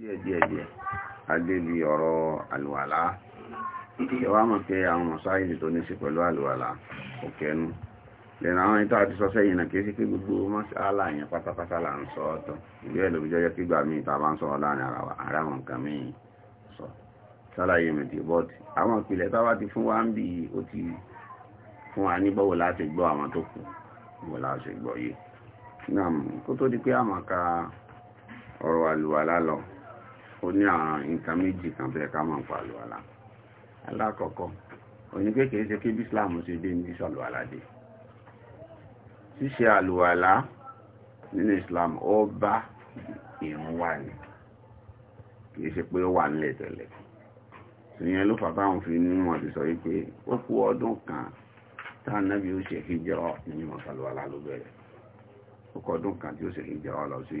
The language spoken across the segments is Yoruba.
díẹ̀ díẹ̀ díẹ̀ adébi ọ̀rọ̀ àlùwàlá ìwà mọ̀ pé àwọn mọ̀sáìlì tó ní sí pẹ̀lú àlùwàlá òkènú lẹ́nà àwọn ìta àti sọ́sẹ́ yìí nà kí sí pé gbogbo mọ́sálà yẹn pátápátá là ń sọ ọ́tọ̀ ìlú ẹ̀ lóbi jẹ́jẹ́ pígbà míì tá a bá ń sọ̀rọ̀ láàrin ara wa ara wọn nǹkan míì sọ sálàyé mi ti bọ́ọ̀tì àwọn ìpìlẹ̀ tá bá ti fún wa ń bì ó ti fún wa ní bọ́wọ́ láti gbọ́ àwọn tó kù bọ́wọ́ láti gbọ́ yìí náà kó tó di pé àmọ̀ ka ọ̀rọ̀ àlùwàlá lọ ó ní àwọn nǹkan méjì kan tó yẹ ká máa ń pa àlùwàlá alákọ̀ọ́kọ́ òní pé kìí ṣe kí bí Islam ṣe dé ní sàlùwàlá dé ṣíṣe àlùwàlá nínú Islam ó bá ìrún wà ní kìí ṣe pé ó wà nílẹ̀ tẹ́lẹ̀ ìyẹn ló fàtà àwọn fi ní ti sọ wípé ó kú ọdún kan táà náà ó ṣe hijira nínú sàlùwàlá ló bẹ̀rẹ̀ ó kọ ọdún kan tí ó ṣe hijira lọ sí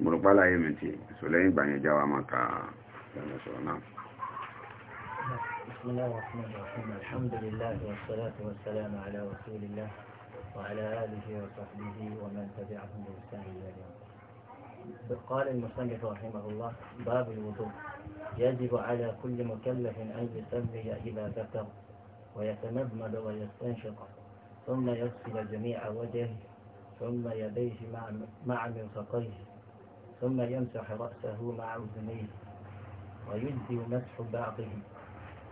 بسم الله الرحمن الرحيم الحمد لله والصلاة والسلام على رسول الله وعلى آله وصحبه ومن تبعهم بإحسان إلى اليوم قال المصنف رحمه الله باب الوضوء يجب على كل مكلف أن يسمي إذا ذكر ويتمضمض ويستنشق ثم يغسل جميع وجهه ثم يديه مع مرفقيه ثم يمسح رأسه مع أذنيه ويجزي مسح بعضه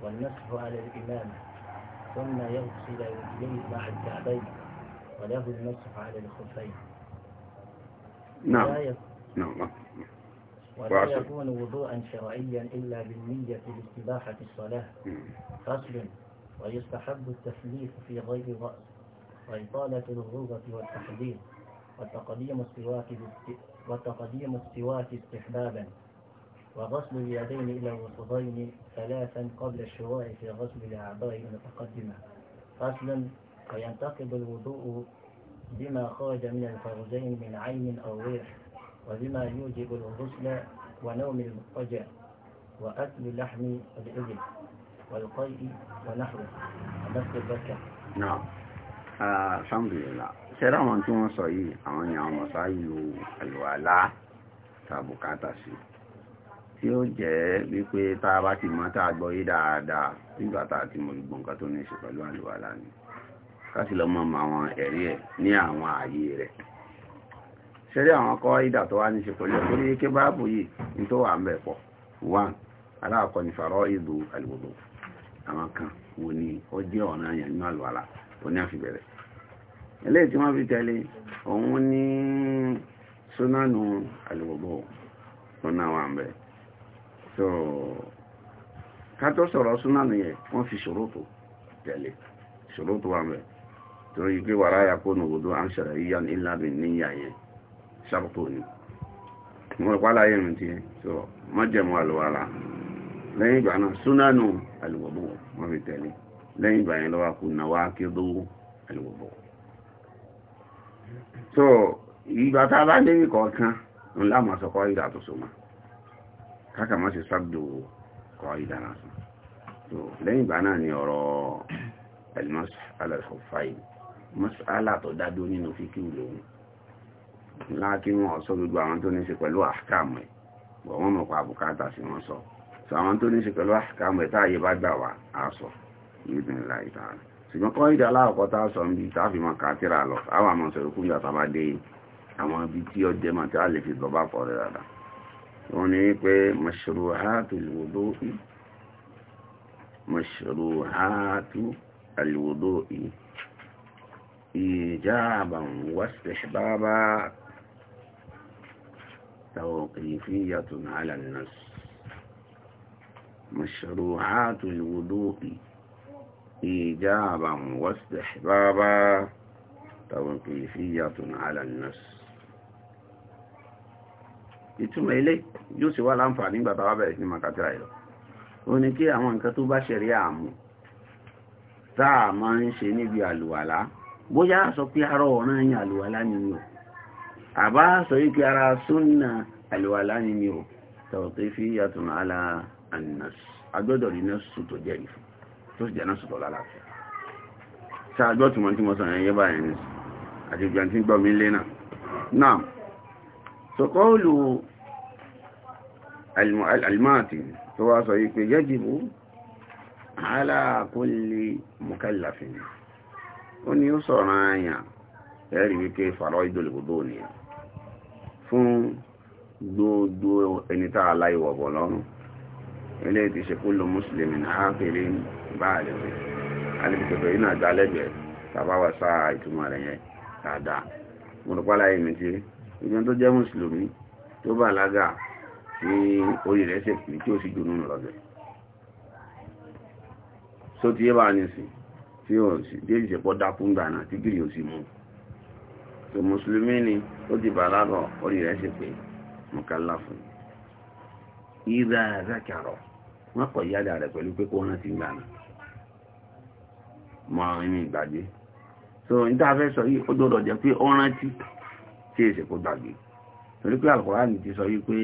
والمسح على الإمام ثم يغسل رجليه مع الكعبين وله المسح على الخفين نعم. نعم نعم ولا يكون وضوءا شرعيا إلا بالنية لاستباحة الصلاة فصل ويستحب التثليث في غير رأس وإطالة الغوغة والتحذير وتقديم السواك وتقديم السواك استحبابا وغسل اليدين إلى الوسطين ثلاثا قبل الشروع في غسل الأعضاء المتقدمة فصلا وينتقد الوضوء بما خرج من الفرجين من عين أو ريح وبما يوجب الغسل ونوم المضطجع وأكل لحم الإبل والقيء ونحوه ونفس البكر نعم آه، الحمد لله ṣẹ́rá àwọn tí wọ́n sọ yìí àwọn ni àwọn mọ̀sáyò àlùwàlá tàbùkátà sí tí ó jẹ́ wípé tá a bá ti mọ́ tá a gbọ́ yé dáadáa nígbà tá a ti mọ gbogbo nǹkan tó ní ṣe pẹ̀lú àlùwàlá ni káṣí lọ mọ́ àwọn ẹ̀rí ẹ̀ ní àwọn ààyè rẹ̀ ṣẹ́rí àwọn kọ́ ìdà tó wá ní ṣe pẹ̀lú ẹ̀kọ́ ní ké báàbù yìí ní tó wà ń bẹ̀ pọ̀ one aláàkọ́ ni fàrọ́ ìlú àlùwòdò àwọn kan wò ní ó jẹ́ ọ̀nà àyàn nínú àlùwàlá òní àfibẹ̀rẹ̀ eléyìí tí wọ́n fi tẹ̀lé òun ní súnánù àlùgbò ọ̀nà àwọn so kátó sọ̀rọ̀ súnánù yẹn wọ́n fi ṣòro tó tẹ̀lé ṣòro tó wà mẹ́ pé wàrà ya kó nùgbòdó à ń ṣẹ̀rẹ̀ yíyan ńlá mi níyà yẹn sábàtò ni mo rẹ̀ pálá ti so mọ́jẹ̀mú àlùwàlà lẹ́yìn ìgbà náà súnánù àlùgbò wọ́n fi tẹ̀lé lẹ́yìn ìgbà yẹn lọ́wọ́ kù náwó akéwọ́ àlùgbò so ìgbà tá a bá dé nìkọ̀ọ̀kan ńlá mọ̀ sọ̀kọ́ ìdà tó so mọ́ káàkà mọ́ sí sábdò kọ́ ìdà náà so lẹ́yìn ìgbà náà ni ọ̀rọ̀ elmas alalhufai masala tó dádó nínú fíkí lòun láàkí wọn sọ gbogbo àwọn tó ní ṣe pẹ̀lú àkàmù ẹ̀ so àwọn tó ní ṣe pẹ̀lú àkàmù ẹ̀ táàyè bá ṣùgbọ́n kọ́ ìdá aláàkọ́ta sọ ń bí sáfì máa kàtírà lọ àwọn àmọ́ sọ̀rọ̀ kúrò àtàbà dé àwọn ibi tí ó jẹ́ màtí a lè fi gbọ́ bá fọ́ rẹ̀ dáadáa wọ́n ní pé mashruhatul wudu'i mashruhatul wudu'i ijaban wa istihbaban tawqifiyatun ala an-nas mashruhatul wudu'i إيجابا واستحبابا توقيفية على النص ìtumọ̀ ilé yóò sì wá láǹfààní ìgbà tàwà bẹ̀rẹ̀ sí makatira ìlọ o ní kí àwọn nǹkan tó bá ṣẹ̀rí àmú táà máa ń ṣe níbi àlùwàlá bóyá sọ pé ara ọ̀ràn yìí àlùwàlá ni mi ò àbá sọ wípé ara súnà àlùwàlá ni mi ò tawqifiyatun tó sì jẹ́nà sọ̀tọ̀ lálàáfíà ṣáàjọ́ tí wọ́n tí mo sọ yẹn yẹ́ báyìí ní àti ìgbà tí gbọ́ mi lé náà náà sọ̀kọ́ olù alìmáàtì tó wá sọ yìí pé yajibu ala kulli mukallafin ó ní ó sọ̀rọ̀ àyàn ẹ̀rí wípé fàrọ̀ ìdólògbòdó nìyàn fún gbogbo ẹni tá a láìwọ̀bọ̀ lọ́rùn ilé ti ṣe kullu muslimin hafirin bá a lè pè alẹ́ pẹ̀pẹ̀ yìí náà gbá lẹ́gbẹ̀ẹ́ tàbá sáà ìtumọ̀ rẹ̀ yẹn dáadáa mo rò pálá yìí ìjọ tó jẹ́ mùsùlùmí tó bàlágà tí orí rẹ̀ tí ó sì dùnú lọ́bẹ̀ só ti yé bá ní sí tí ó sì dé tí ò sì mú tó mùsùlùmí ni ó ti orí rẹ̀ fún ìdá wọ́n kọ̀ rẹ̀ pẹ̀lú pé kó gbà náà mọ́ inú ìgbàgbé so n tá a fẹ́ sọ yìí ó gbọ́dọ̀ jẹ́ pé ó rántí tí èsì kó gbàgbé torí pé Al-Kùránì ti sọ yìí pé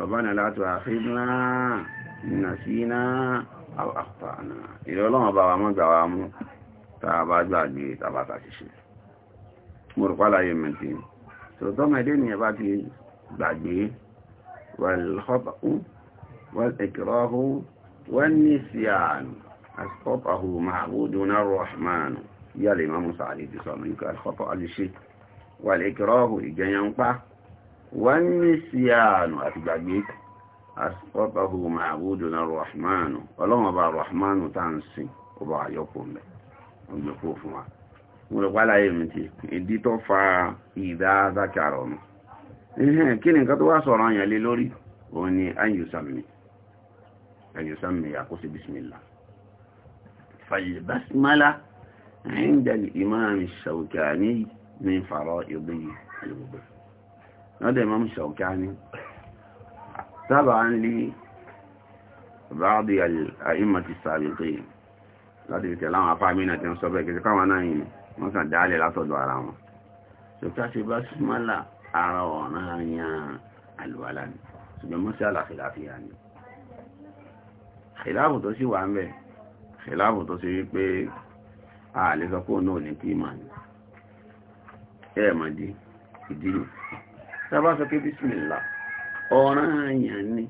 Rabbana la tu'akhidhna in nasina aw akhta'na ìrẹ́ ọlọ́run bá wa mọ́ gbà wá mú tá أسقطه معبودنا الرحمن يا الإمام سعدي تصامنك الخطأ للشرك والإكراه إجيانقع والنسيان أتبعيك أسقطه معبودنا الرحمن ولما بقى الرحمن تنسي وبقى يقوم به ويقوم معه ولو قال أيمتي إدي توفى إذا ذكرنا kí ni nǹkan tó wá sọ̀rọ̀ àyàn lé lórí òun ni ayùsàmì ayùsàmì àkóso bismillah فالبسملة عند الإمام الشوكاني من فرائض الوضوء هذا الإمام الشوكاني تبعا لبعض الأئمة السابقين láti fi tẹ̀láwọn afáàmìnà tí ó sọ bẹ́ẹ̀ kìí káwọn náà yìí wọ́n kàn dáálẹ̀ látọ̀dọ̀ ara wọn tó káṣe bá súnmọ́là ara ọ̀nà àyàn àlùwàlá ni ṣùgbọ́n mọ́sí àlàfíà ni ìlàbù tó sì wà ń bẹ́ẹ̀ ṣìláàbù tó ṣe wípé ààlẹ́ sọ pé náà ní kíma ní ẹ̀ẹ̀mọ̀dí ìdílù sábà sọ pé bísmìlá ọ̀ràn àyàn ní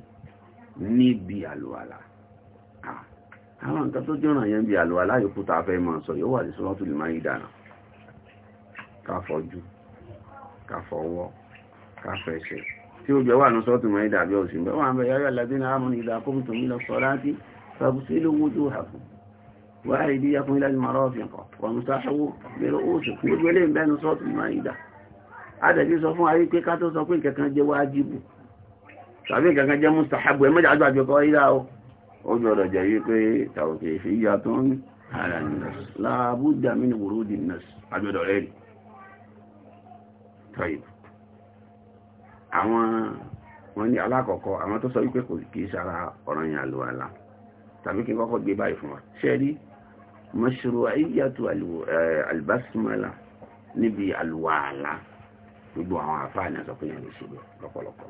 níbi àlùwàlà àwọn nǹkan tó jọ́ràn yẹn bí àlùwàlà yòókù tá a fẹ́ máa sọ yóò wà ní sọ́lọ́tù lè máa yí dára ká fọjú ká fọwọ́ ká fẹsẹ̀ tí ó jẹ́ wà ní sọ́tù máa ọ̀sìn bẹ́ẹ̀ wà ń bẹ yáyà lábẹ́ náà mú lọ sọ láti sàbùsílẹ̀ owó tó وأيديكم إلى المرافق وامسحوا برؤوسكم gbogbo ilé ìbẹ́ ní sọ́ọ̀tù Maida adẹ̀bí sọ fún ayé pé ká tó sọ pé kankan jẹ́ wájìbù tàbí kankan jẹ́ mustahabu ẹmọ́jà àjọ àjọkọ ìlà o ó gbọ́dọ̀ jẹ́ wípé tàwọ̀kì ìfìyà tó ń ara nìyàn láàbùdà mí ní wòrò dì nà àgbẹ̀dọ̀ rẹ̀ rí tọ́yìbù àwọn wọn ní alákọ̀ọ́kọ́ àwọn tó sọ wípé kò kìí sára ọ̀ranyàn àlùwàlà tàbí kí n kọ́kọ́ gbé báyìí fún wa ṣẹ́rí mashru'iyyatu eh, albasmala níbi alwàlá gbogbo àwọn àfáà ní àsọkúnyà lè ṣe lọ́pọ̀lọpọ̀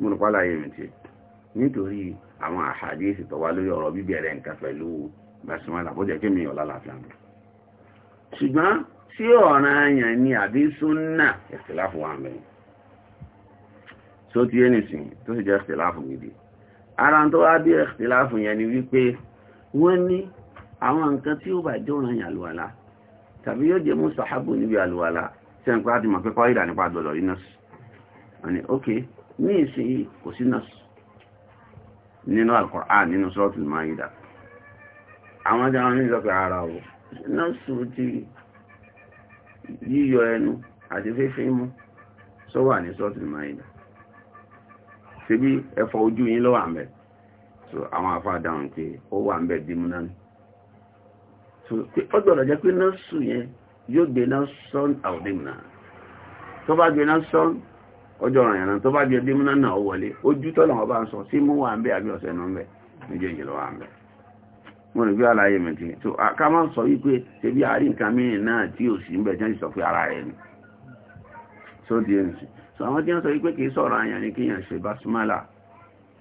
mo rò pálá yẹn ti nítorí àwọn àhàdíìsì tó wà lórí ọ̀rọ̀ bíbẹ̀rẹ̀ nǹkan pẹ̀lú basmala bó jẹ́ kémi ọ̀la làáfíà mi ṣùgbọ́n sí ọ̀ràn àyàn ni àbí súnnà ẹ̀sìláfù wà mẹ́rin tó ti yé nìsìn tó sì jẹ́ ẹ̀sìláfù gidi ara tó wá bí ẹ̀sìláfù yẹn ni wípé wọ́n ní àwọn nǹkan tí ó bá jọ ràn yàn àlùwàlá tàbí yóò jẹ́ mú sàhábù níbi àlùwàlá tí a ń pàdé mọ̀ pé kọ́ ìdà nípa àgbọ̀lọ̀ rí nọ́ọ̀sì àni ok ní ìsìn kò sí nọ́ọ̀sì nínú Al-Qur'an nínú Suratul Maida àwọn ajá wọn ní ìlọ́pẹ̀ ara o nọ́ọ̀sì ti yíyọ ẹnu àti fífín mú sọ wà ní Suratul Maida ṣebí ẹfọ ojú yín lọ́wọ́ àmẹ́ so àwọn afáàdáhùn pé ó wà ń bẹ̀ dímú náà ó gbọ́dọ̀ jẹ́ pé nọ́ọ̀sù yẹn yóò gbé nọ́ọ̀sán àwọ̀dẹ́mùnà tó bá gbé nọ́ọ̀sán ọjọ́ ọ̀ràn yàrá tó bá gbé dẹ́mùnà náà wọlé ojú tọ́lọ̀ wọn bá ń sọ sí mú wà ń bẹ́ àbí ọ̀sẹ̀ náà ń bẹ́ níjẹ́ ìjìnlọ wà ń bẹ́ wọn gbé àlàyé mi ti tó ká máa sọ wípé ṣebí àárín nǹkan mìíràn náà tí ò sí ń bẹ̀ tí wọ́n sọ pé ara rẹ̀ ni so di ẹnu sí so àwọn tí wọ́n sọ wípé kì í sọ̀rọ̀ àyàn ni kéèyàn ṣe bá súnmọ́là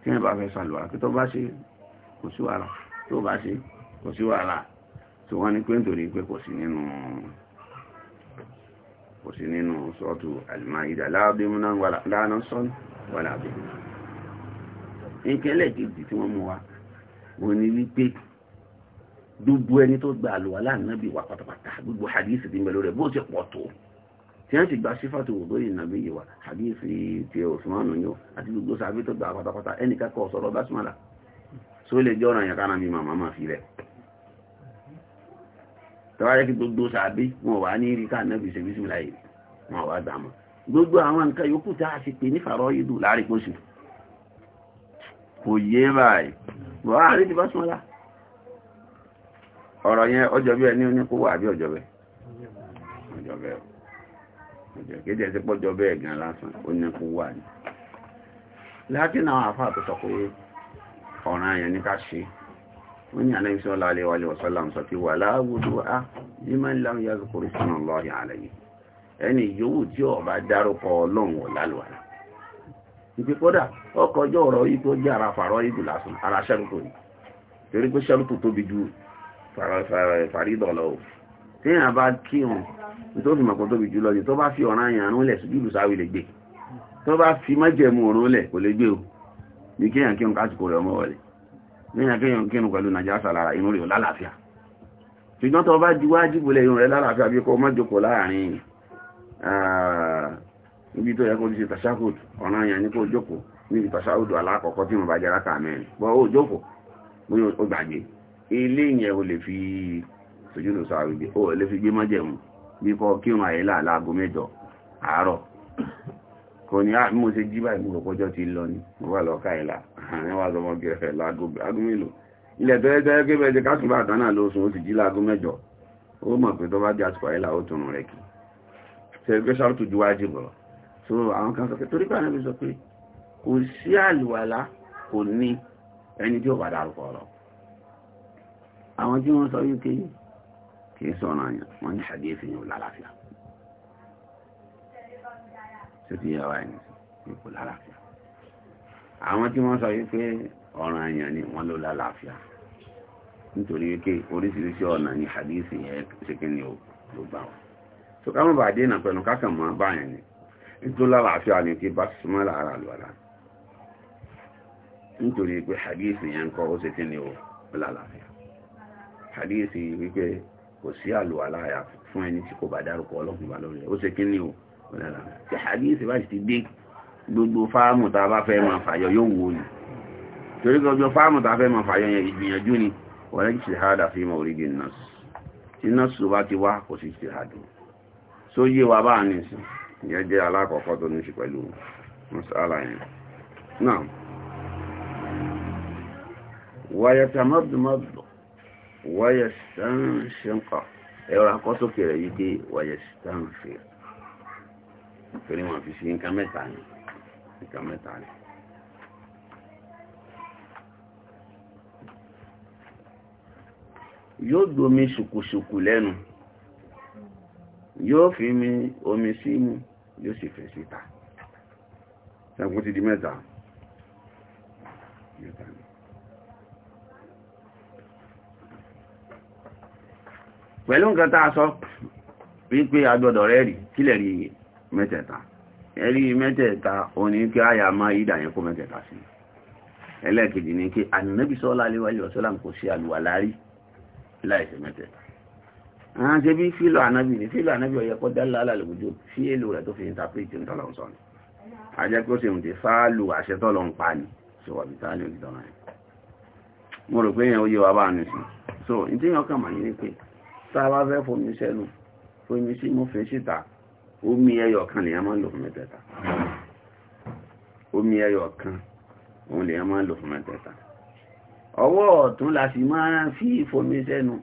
kéèyàn bá fẹ́ sàlùwà kí tó bá ṣe kò sí wàhálà tó bá ṣe kò sí wàhálà so wọ́n ní pé nítorí pé kò sí nínú kò sí nínú sọ́ọ̀tù Al-Maida láàbímúná lánà sọ́ọ̀nù wà láàbímúná ìkẹ́lẹ̀ kejì tí wọ́n mú wa wọ́n ní wípé gbogbo ẹni tó gba àlùwà lánàbí wà pátápátá gbogbo hadith ti mẹ́lò rẹ̀ bó ti pọ̀ tó tí wọ́n ti gba sífàtò òdóyè nàbí yìí wa hadith ti Usmanu yóò àti gbogbo sàbí tó gba pátápátá ẹnì kẹ́kọ̀ọ́ sọ̀rọ̀ bá súnmọ́lá so lè jẹ́ ọ̀ràn yàkánámi màmá máa fi rẹ̀ tọ́wájẹ́ kí gbogbo sàbí wọn wà ní rí káà nẹ́bí ṣèbí sílá yìí wọn wà gbàmọ́ gbogbo àwọn nǹkan yòókù tá a ṣe pè ní fàrọ ìdù láàrin kóṣù kò yé báyìí bọ́ àárín ti bá súnmọ́lá ọ̀rọ̀ yẹn ọjọ́ bẹ́ẹ̀ ní oníkó wà bí ọjọ́ bẹ́ẹ̀ ọjọ́ bẹ́ẹ̀ ọjọ́ kéde ẹsẹ̀ pọ́jọ́ bẹ́ẹ̀ gan lásán oníkó wà ní láti náà àfáà tó pé ọ̀ràn yẹn ní ká ṣe wọ́n ní ànábì sallallahu alaihi wa sallam sọ pé wà láàwùdó á liman lam yazkur ismallahi alaihi ẹni yòówù tí ó bá dárúkọ ọlọ́run ọ̀làlùwàlà ìpè kódà ọkọ̀ ọjọ́ ọ̀rọ̀ yìí tó jẹ́ ara fàárọ̀ ìdù lásán ara ṣẹ́rùtò ni torí pé ṣẹ́rùtò tóbi ju fàrídọ̀ lọ o téèyàn bá kí wọn tó fi ọ̀ràn yàn rún lẹ̀ sùdúrù nínú akéyàn kínú pẹ̀lú nàìjíríà lára inú rẹ̀ lálàáfíà ṣùgbọ́n tó bá ju wájìbò lẹ̀ inú rẹ̀ lálàáfíà bí kò má jókòó láàrin ibi tó yẹ kó ti ṣe tàṣáhùd ọ̀nà àyàn ní kó jókòó níbi tàṣáhùd alákọ̀ọ́kọ́ tí mo bá fi sojú lò sọ àrùgbé ó lè fi gbé mọ́jẹ̀mú bí kò kò ní àmú ah, ṣe jí báyìí mú ọkọjọ́ ti lọ ní mo wà lọ́ọ́ káìlà àárín wa sọmọ gẹ̀ẹ́fẹ̀ láago mélòó ilẹ̀ tó yẹ́ pé bẹ́ẹ̀ ṣe ká tún bá àtàn náà lóṣù ó sì jí láago mẹ́jọ ó mọ̀ pé tó bá jẹ́ àsìkò àìlà ó tún rẹ̀ kí ṣe so àwọn kan sọ pé torí pé àwọn sọ pé kò sí àlùwàlá kò ní ẹni tí ó bá dárúkọ ọ̀rọ̀ àwọn tí wọ́n sọ ní àdéhìí tó ti yẹ wá ní ipò lálàáfíà àwọn tí wọ́n sọ wípé ọ̀ràn àyàn ni wọ́n ló lálàáfíà nítorí wípé oríṣiríṣi ọ̀nà ni hadisi yẹn ṣe kí ni ó ló bá wọn tó ká mọ̀ bá dé nà pẹ̀lú mọ́ báyẹn ni nítorí lálàáfíà ni ti bá súnmọ́ lára lọ́la nítorí pé hadisi yẹn kọ́ ó ṣe kí ni ó lálàáfíà hadisi wípé kò sí àlùwàlá àyà fún ẹni tí kò bá dárúkọ ọlọ́kùnrin bá lórí ó ṣe kí ni rárá tí àdíyèsí bá ti dé gbogbo fáàmù tá a bá fẹ́ máa fàyọ yóò wò ní torí gbogbo fáàmù tá a fẹ́ máa fàyọ yẹn ìgbìyànjú ni wọ́n lẹ́yìn ṣe hádà fi mọ̀ orí gẹ̀ẹ́nà tí nọ́ọ̀sì bá ti wá kò sí ṣe hádù tó yé wa bá ní sí ìyẹn jẹ́ alákọ̀ọ́kọ́ tó ní ṣe pẹ̀lú mọ́sálà yẹn náà wáyẹ̀tàmọ́dùmọ́dù wáyẹ̀sánṣẹ́ńkà ẹ̀rọ akọ́sókè rẹ̀ yí dé wáyẹ̀sánṣẹ́ torí wọ́n fi sí nǹkan mẹ́ta ni nǹkan mẹ́ta ni yóò domi ṣùkùṣùkù lẹ́nu yóò fi mi omi símú yóò sì fẹ̀ síta ṣẹ́kùn ti di mẹ́ta mẹ́ta ni pẹ̀lú nǹkan tá a sọ wípé agbọ́dọ̀ rẹ̀ rí kílẹ̀ rí iye mẹ́tẹ̀ẹ̀ta ẹ̀rí mẹ́tẹ̀ẹ̀ta o ní kí àyà máa ìdà yẹn kó mẹ́tẹ̀ẹ̀ta sí ẹlẹ́ẹ̀kejì ní kí ànábì sọ́lá aléwájú ọ̀sọ́lá kò sí àlùwà lárí láìsí mẹ́tẹ̀ẹ̀ta àwọn ṣe bí fílò ànábì ní fílò ànábì ọ̀yẹ́ kọ́ dá lálà lòójó sí èlò rẹ̀ tó fi ìntàpéjì ń tọ́lọ̀ sọ ni àjẹ́ pé ó sì ń ti fáàlù àṣẹ tọ́lọ̀ ń pa ni ṣùgbọ́n bí táàlù mo rò pé yẹn ó yé wa bá nù sí so ìdíyàn kàn mà ní pé tá fẹ́ fomi sẹ́nu fomi sí mo fi síta omi ẹyọ kan lèyàn máa ń lò fún mẹ́tẹ̀ẹ̀ta omi ẹyọ kan òun lèyàn máa ń lò fún mẹ́tẹ̀ẹ̀ta ọwọ́ ọ̀tún la sì máa ń fi fomi sẹ́nu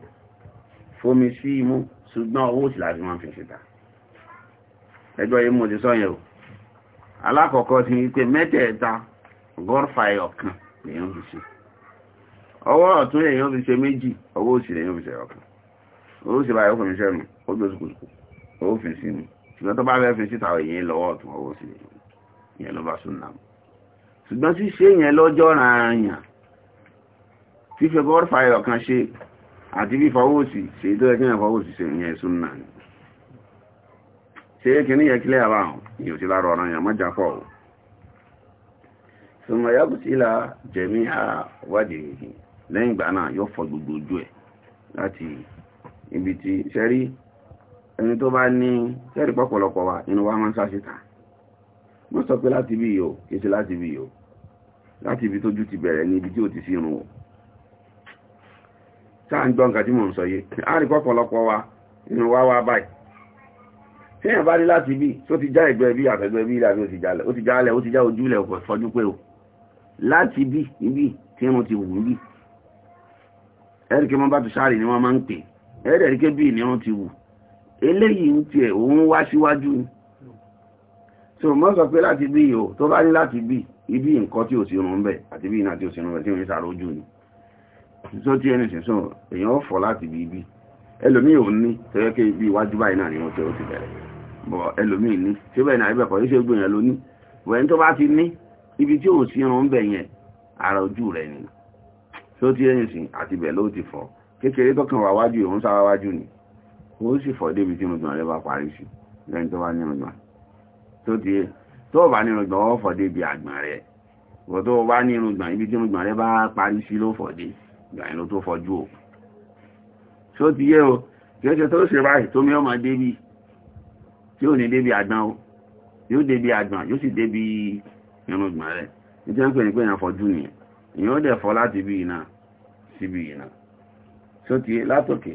fomi sí imú ṣùgbọ́n ọwọ́ òsì la fi máa ń fi síta ẹjọ́ yìí mo ti sọ yẹn o alákọ̀ọ́kọ́ ti ní pé mẹ́tẹ̀ẹ̀ta gọ́ọ̀fà ẹyọ kan lèyàn fi ṣe ọwọ́ ọ̀tún lèyàn fi ṣe méjì ọwọ́ òsì lèyàn fi ṣe ọ̀kan ọwọ́ òsì báyìí fomi sẹ́nu ó gbé òsùkùsùkù ó fi sí imú ṣùgbọ́n tó bá fẹ́ fi síta èyí lọ́wọ́ ọ̀tún ọwọ́ sí ìyẹn ló bá súnà mọ́ ṣùgbọ́n tí ṣe yẹn lọ́jọ́ ràáyàn fífẹ́ bọ́ọ̀rù fàyọ̀ kan ṣe àti fífọwọ́sì ṣe tó yẹ kí yẹn fọwọ́sì ṣe ìyẹn súnà ni ṣe é kìíní yẹ kílẹ̀ àbáhùn ìyẹn ò sí lára ọ̀ràn yẹn mọ́jà fọ́ ò sọmọ yàgò sí la jẹ̀mí àwádìí lẹ́yìn ìgbà náà yóò fọ gbogbo ojú ẹ̀ láti ibi tí ṣẹ́rí ẹni tó bá ní tẹ́rì pọ̀pọ̀lọpọ̀ wa inú wa máa ń sáṣítà wọ́n sọ pé láti bí yóò kéṣe láti bí yóò láti ibi tójú ti bẹ̀rẹ̀ ní ibi tí ò ti sí irun o sáà ń gbọ́ nǹkan tí mò ń sọ yé àárí pọ̀pọ̀lọpọ̀ wa inú wa wá báyìí téèyàn bá rí láti bí tó ti já ẹgbẹ́ bí àfẹ́gbẹ́ bí ìlàbí ó ti jálẹ̀ ó ti jálẹ̀ ó bá ti sáré ni wọ́n máa ń pè ẹ̀rí bí ni wọ́n ti wù eléyìí ń tiẹ̀ òun wá síwájú ni tí o mọ́ sọ pé láti bí ìhò tó bá ní láti bí ibi nǹkan tí ò sí rún bẹ̀ àti bí iná tí ò sí rún bẹ̀ tí ò ní sàrójú ni tó tí ẹni sìn sùn èèyàn fọ̀ láti bí ibi ẹlòmíì ò ní tó yẹ kí ibi iwájú báyìí náà ni wọ́n tẹ́ ó ti bẹ̀rẹ̀ tó ibi tí ò sí rún bẹ̀ yẹn ara ojú rẹ̀ ni tó tí ẹni sìn àti bẹ̀ ló ti fọ̀ kékeré tó kàn wá wájú ìhùn sáwájú ni ó sì fọ́ débi tí mọ̀jùmọ̀ rẹ bá parí sí lẹ́ni tó bá ní mọ̀jùmọ̀ tó ti tó bá ní mọ̀jùmọ̀ ó fọ́ débi àgbọ̀n rẹ wọ́n tó bá ní mọ̀jùmọ̀ ibi tí mọ̀jùmọ̀ rẹ bá parí sí ló fọ́ dé ìgbà yẹn ló tó fọ́jú o tó ti yé o kẹ́kẹ́ tó ṣe báyìí tó mi ọmọ débi tí ò ní débi àgbọ̀n o yóò débi àgbọ̀n yóò sì débi mọ̀jùmọ̀ rẹ nítorí pé ní pé èèyàn fọ́jú nìyẹn èèyàn ó dẹ̀ fọ́ láti bí iná síbi iná tó ti látòkè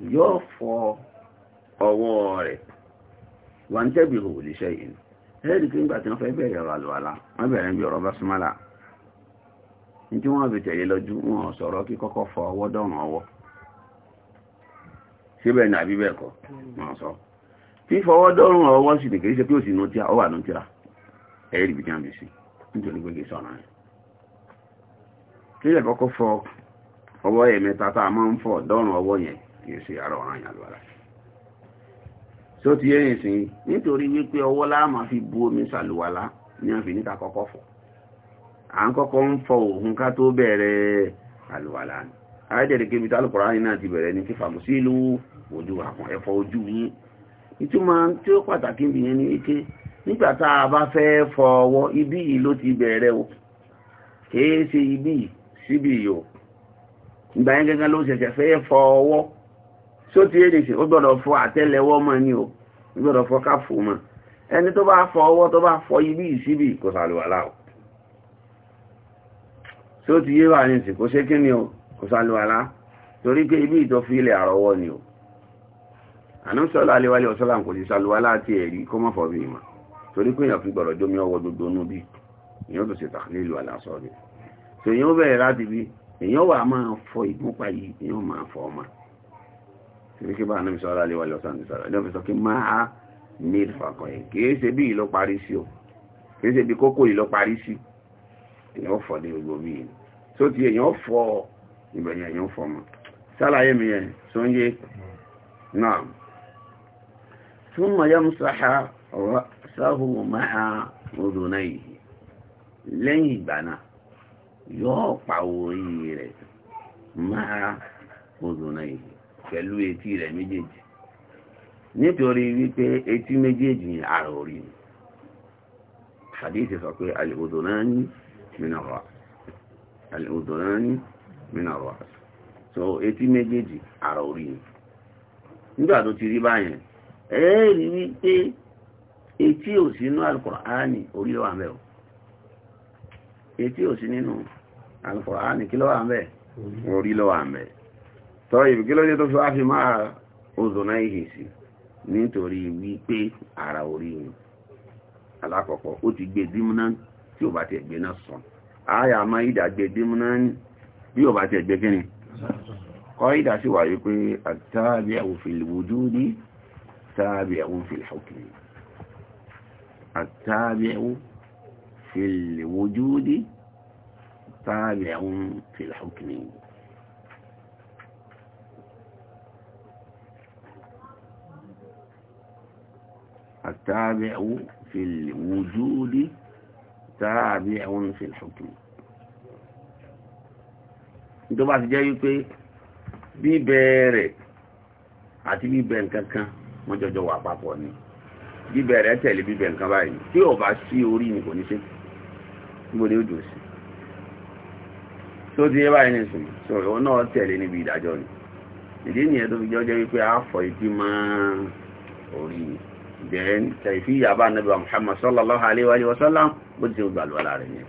yóò fọ ọwọ́ rẹ̀ wà ń tẹ́bí ìhòwò lè ṣe yìí ẹ̀rì kí gbà tí wọ́n fẹ́ bẹ̀rẹ̀ ọ̀rọ̀ àlùwàlá wọ́n bẹ̀rẹ̀ bí ọ̀rọ̀ básímálà ní tí wọ́n fi tẹ̀lé lọ́jú wọn sọ̀rọ̀ kí kọ́kọ́ fọ ọwọ́ dọ̀rùn ọwọ́ síbẹ̀ ní àbí bẹ́ẹ̀ kọ́ sọ fífọwọ́ dọ̀rùn ọwọ́ sì ní ṣe ó a kìí ṣe àrọ̀ ọ̀ràn yàn lọ́la tí ó ti yẹ́ yìí nítorí fi bu omi ní fi níta kọ́kọ́ fọ̀ à ń kọ́kọ́ ń fọ òhun ká tó bẹ̀rẹ̀ àlùwàlá ni ayédèrè kébi tá lùkọ̀rọ̀ ayé náà ti bẹ̀rẹ̀ ní fífà mú sí ìlú ojú ẹ̀fọ́ ojú yín ìtumọ̀ tí ó pàtàkì ni wípé nígbà tá a bá fẹ́ fọ ọwọ́ ibí yìí ló ti bẹ̀rẹ̀ o kìí ṣe tí ó ti ó fọ ni o gbọdọ fọ káfù mọ́ ẹni tó bá fọ ọwọ tó bá fọ ibi ìsíbì kò sàlùwàlá o tí yé wà nìsí kò ṣe kí ni o kò sàlùwàlá torí pé ibi ìtọ́ fi ilẹ̀ ni o ànúṣọ́lá aléwálé ọ̀sọ́lá kò sì sàlùwàlá àti ẹ̀rí kó torí pé èèyàn fi gbọ́dọ̀ jómi ọwọ́ gbogbo nú bí èèyàn tó ṣe bẹ̀rẹ̀ láti bí èèyàn fọ yìí èèyàn máa fọ ọmọ kìí ṣe bá ànábì sọ́lá àlewà lọ́sà ní sára ẹ̀dọ́ fi sọ kí máa mil fàkọ̀ ẹ̀ kìí ṣe bí ìlọ parí sí o kìí ṣe bí kókó ìlọ parí sí èèyàn fọ́ ní gbogbo bíi tó ti èèyàn fọ́ ìbẹ̀yìn èèyàn fọ́ mọ́ sálàyé mi yẹn tó ń yé náà fún mayam sáà ọ̀rọ̀ sáhùn máa odò náà yìí lẹ́yìn ìgbà náà yóò pa orí rẹ̀ máa odò náà yìí pẹ̀lú etí rẹ̀ méjèèjì nítorí wípé etí méjèèjì àrà orí ni hadithi sọ pé al-udhunani min ar-ra's al-udhunani min ar-ra's so etí méjèèjì àrà orí ni nígbà tó ti rí báyẹn ẹ̀ẹ́rì wípé etí ò sí inú al-Qur'ani orí ló wà ń etí ò sí nínú al-Qur'ani kí ló wà ń orí ló wà ń tọ́ ìbí kí ló dé tó fi wá fi máa ozona ihe sí nítorí wípé ara orí ni alákọ̀ọ́kọ́ ó ti gbé dímúná tí ò bá ti ẹ̀gbẹ́ náà sàn ààyà máa ìdà gbé dímúná bí ò bá ti ẹ̀gbẹ́ kí ni kọ́ ìdà sí wà wípé àtàbí àwòfin wujudi tàbí àwòfin hukmi التابع في الوجود تابع في الحكم التابع في الوجود تابع في الحكم tó bá جاي jẹ́ wípé bíbẹ̀ rẹ̀ àti bíbẹ̀ nǹkan kan wọ́n jọjọ wà papọ̀ ni bíbẹ̀ rẹ̀ tẹ̀lé bíbẹ̀ nǹkan báyìí tí ò bá sí orí ni kò ní ṣe níbo ni ó jò sí tó ti yé báyìí nìsín sọ̀rọ̀ òun náà tẹ̀lé níbi ìdájọ́ ni ìdí nìyẹn tó fi jọ́jọ́ wípé àfọ̀ ìdí máa orí ni then kẹfì yàbá nàbí wa Muhammad sallallahu alaihi wa sallam bó ti gbà lọ́la rẹ̀ yẹn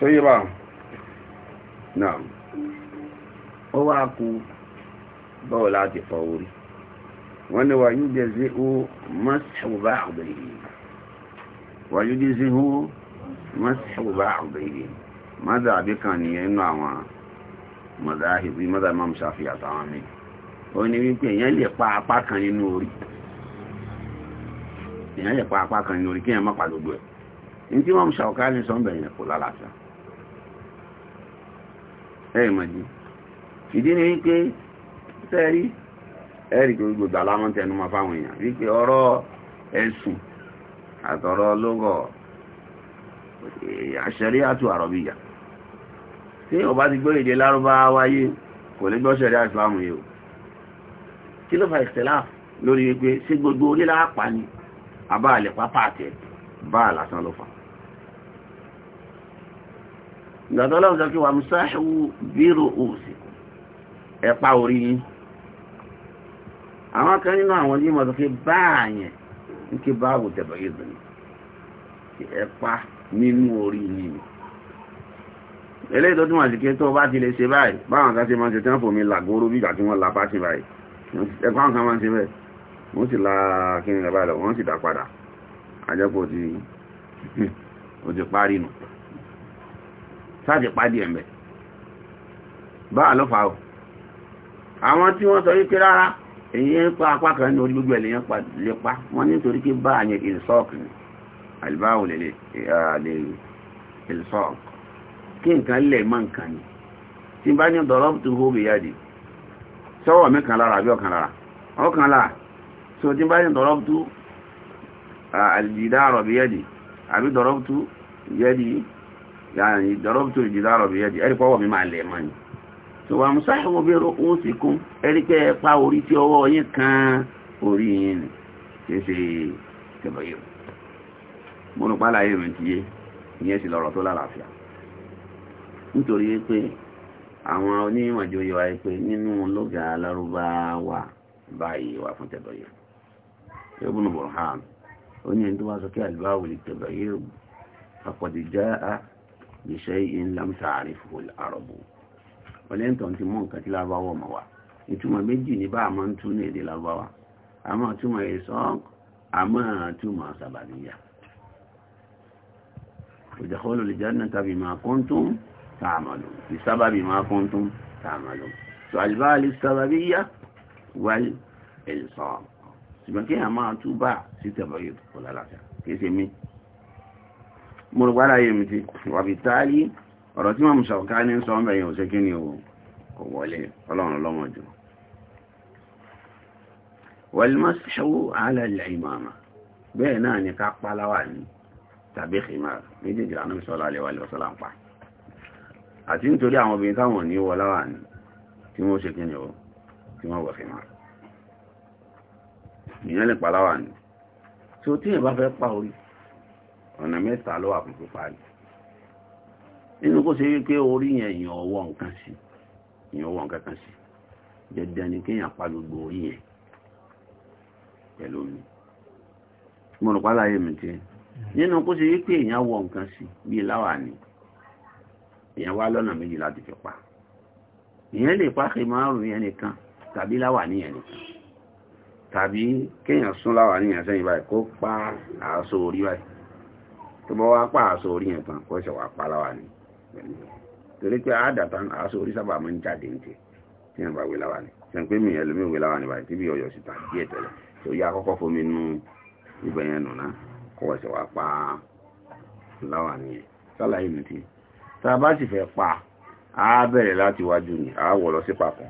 so yí bá náà ó wá kú bọ́ọ̀ láti fọ orí wọ́n ni wà yí jẹ́sí ó mọ́sàwùbá àgbẹ̀yìn wà yí jẹ́sí ó mọ́sàwùbá àgbẹ̀yìn mọ́dà àbíkan nìyẹn nínú àwọn mọ́dà imam Shafi'i àtàwọn ó ní wípé èèyàn lè pa apá kan nínú orí èèyàn lè pa apá kan nínú orí kí èèyàn má pa ẹ̀ ní tí wọ́n ń ṣàwọ́ká ní sọ́ńbẹ̀ yẹn kò lálàáfíà ẹ̀rì mọ̀jú ìdí ni wípé sẹ́rí ẹ̀rì gbogbo àlámọ́ tẹnu fáwọn èèyàn wípé ọ̀rọ̀ ẹ̀sùn àtọ̀rọ̀ àṣẹrí àrọ̀bíyà tí ọba ti lárúbáwá kò lè gbọ́ sẹ́rí kí ló fa ìṣẹ̀lá lórí wípé ṣé gbogbo orílẹ̀ àpá ni àbá àlẹ̀ pápá àtẹ bá àlásán ló fà ìgbàdọ́ ọlọ́run sọ pé wà mú sáṣẹ́wó bírò òsì ẹ̀pá orí yín àwọn kan nínú àwọn yìí mọ̀ sọ pé báàyẹn ń kí báàbò tẹ̀bọ̀ yìí dùn ní ẹ̀pá nínú orí yìí eléyìí tó túnmọ̀ sí pé tó bá ti lè ṣe báyìí báwọn kan ṣe máa ń ṣe tí wọ́n làgóró bí ìgbà tí wọ́n la bá ṣe báyìí ẹ̀kọ́ àwọn kan máa ń ṣe bẹ́ẹ̀ wọ́n sì la kí ni bàbá lọ wọ́n sì dá padà àjẹ́pọ̀ ti o ti parí nù sáàtì pàdé ẹ̀mẹ̀ bá àlọ́fà o àwọn tí wọ́n sọ wípé rárá èyí ń pa apá kan ní orí gbogbo ẹ̀lẹ́yìn lè pa wọ́n nítorí pé bá àyẹn ìsọ́ọ̀kì ni àlìbáwò lè ìsọ́ọ̀kì kí nǹkan lẹ̀ mọ́ nǹkan ni tí bá ní dọ̀rọ̀ tó hó bìyàdì sọ́wọ́ mi kan lára àbí ọ̀kan lára ọ̀kan lára tí ó ti bá yẹn dọ̀rọ̀bùtú àlìdìdáàrọ̀ bí yẹ́dì àbí dọ̀rọ̀bùtú yẹ́dì yàní dọ̀rọ̀bùtú ìdìdáàrọ̀ bí yẹ́dì ẹ̀rí pọ́wọ́ mi máa lẹ̀ mọ́ ni tó wà mú sáyẹ̀wò bí ó sì kún ẹ̀rí pé ẹ pa orí tí ọwọ́ yín kan orí yín ni kì ṣe tẹ̀bọ̀ yìí mo rò pálá yìí rìn tìyé ìyẹn sì lọ́rọ̀ tó lálàáfíà nítorí pé àwọn onímọ̀jọ yọ ayé pé nínú lọ́gà alárúbáwà báyìí wà fún tẹ̀bẹ̀yẹ Ibn Burhan ó ní ẹni tó bá sọ kí àlùbáwò lè tẹ̀bẹ̀yẹ àpọ̀dìjá bi shay'in lam ta'rifuhu al-arabu ọlẹ́ntàn ti mú nǹkan tí lábáwọ̀ mọ̀ wá ìtumọ̀ méjì ní bá àmọ́ ń tú ní èdè lábáwà àmọ́ túmọ̀ èso àmọ́ túmọ̀ sàbàdìyà òjàkọ́lù lè jẹ́ تعملون بسبب ما كنتم تعملون فالباء للسببية والإلصام ṣùgbọ́n kí àmà túbà sí tẹ̀bọ̀yì kò lálàáfíà kìí ṣe mí mo rò gbára yìí mi ti wà bí táàlì ọ̀rọ̀ tí wọ́n mú ṣọ̀ká ní sọ ń bẹ̀yìn òṣèké ni o kò wọlé ọlọ́run lọ́mọ jù wàlímọ̀ ṣẹ́wó àálẹ̀ ìmọ̀ọ̀mà bẹ́ẹ̀ náà ni ká páláwà ní tàbí ìmọ̀ méjèèjì àná sọ́lá alẹ́ wàlẹ́ ọ̀sọ́lá ń pa àti nítorí àwọn obìnrin táwọn ní wọ láwà ní tí wọ́n ṣe kíni o tí wọ́n wọ̀ fìmà ìyẹn lè pa láwà ní tí ó tí ìbá fẹ́ pa orí ọ̀nà mẹ́ta ló wà fún pípa rí nínú kó ṣe wípé orí yẹn èèyàn nǹkan sí èèyàn ọwọ́ nǹkan kan ni kéèyàn pa gbogbo orí yẹn pẹ̀lú mi mo rò pálá yé mi tí nínú kó ṣe wípé èèyàn wọ nǹkan sí bíi láwà ní ìyẹn wá lọ́nà méjì láti fi pa ìyẹn lè pa kí márùn yẹn nìkan tàbí láwà níyẹn nìkan tàbí kéèyàn sún láwà níyẹn sẹ́yìn báyìí kó pa àásọ orí báyìí tó bọ́ wá pa àásọ orí yẹn tán kó ṣe wà pa láwà ní torí pé àádàtà àásọ orí sábà máa ń jáde ní tiẹ̀ tí yẹn bá wé láwà ní sẹ́yìn pé mi ẹlòmíì wé láwà ní báyìí tí bí ọyọ síta díẹ̀ tẹ́lẹ̀ tó yá kọ́kọ́ fomi nú ibẹ̀ yẹn nù ná kó ṣe wà pa láwà níyẹn sálàyé mi tiẹ̀ tá a bá sì fẹ́ pa á bẹ̀rẹ̀ láti wájú ni a wọ̀ lọ sí papọ̀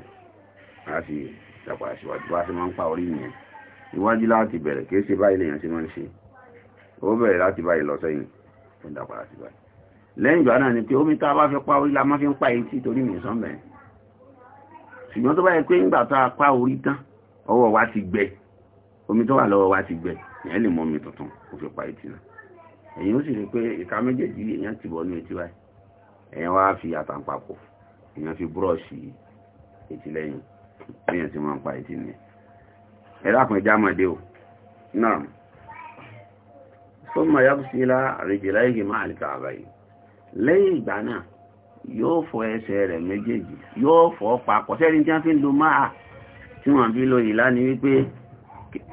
a sì ṣàpà síwájú bá sì máa ń pa orí nìyẹn iwájú láti bẹ̀rẹ̀ kìí ṣe báyìí lèèyàn ṣe máa ń ṣe ó bẹ̀rẹ̀ láti báyìí lọ sẹ́yìn ó ń dàpọ̀ láti báyìí lẹ́yìn ìgbà náà ni pé omi tá a bá fẹ́ pa orí la máa fi ń pa etí torí mi sọ́n bẹ̀rẹ̀ ṣùgbọ́n tó bá yẹ pé ńgbà tá a pa orí tán ọwọ́ wa ti gbẹ omi tó wà lọ́wọ́ wa ti gbẹ ìyẹn lè mọ omi tuntun kó fi pa etí náà èyí ó sì rí pé ìka méjèèjì èèyàn ti bọ̀ ní etí báyìí èèyàn wá fi àtàǹpapọ̀ èèyàn fi búrọ̀ṣì etí lẹ́yìn tí wọ́n pa etí ni ẹ̀dàkùn ẹja mọ̀dé o náà sọ́mọ yàbùsílá rèjìlá igi máa lè kààbà yìí lẹ́yìn ìgbà náà yóò fọ ẹsẹ̀ rẹ̀ méjèèjì yóò fọ papọ̀ sẹ́ni tí wọ́n fi ń lo máa tí wọ́n fi lo ìlà ni wípé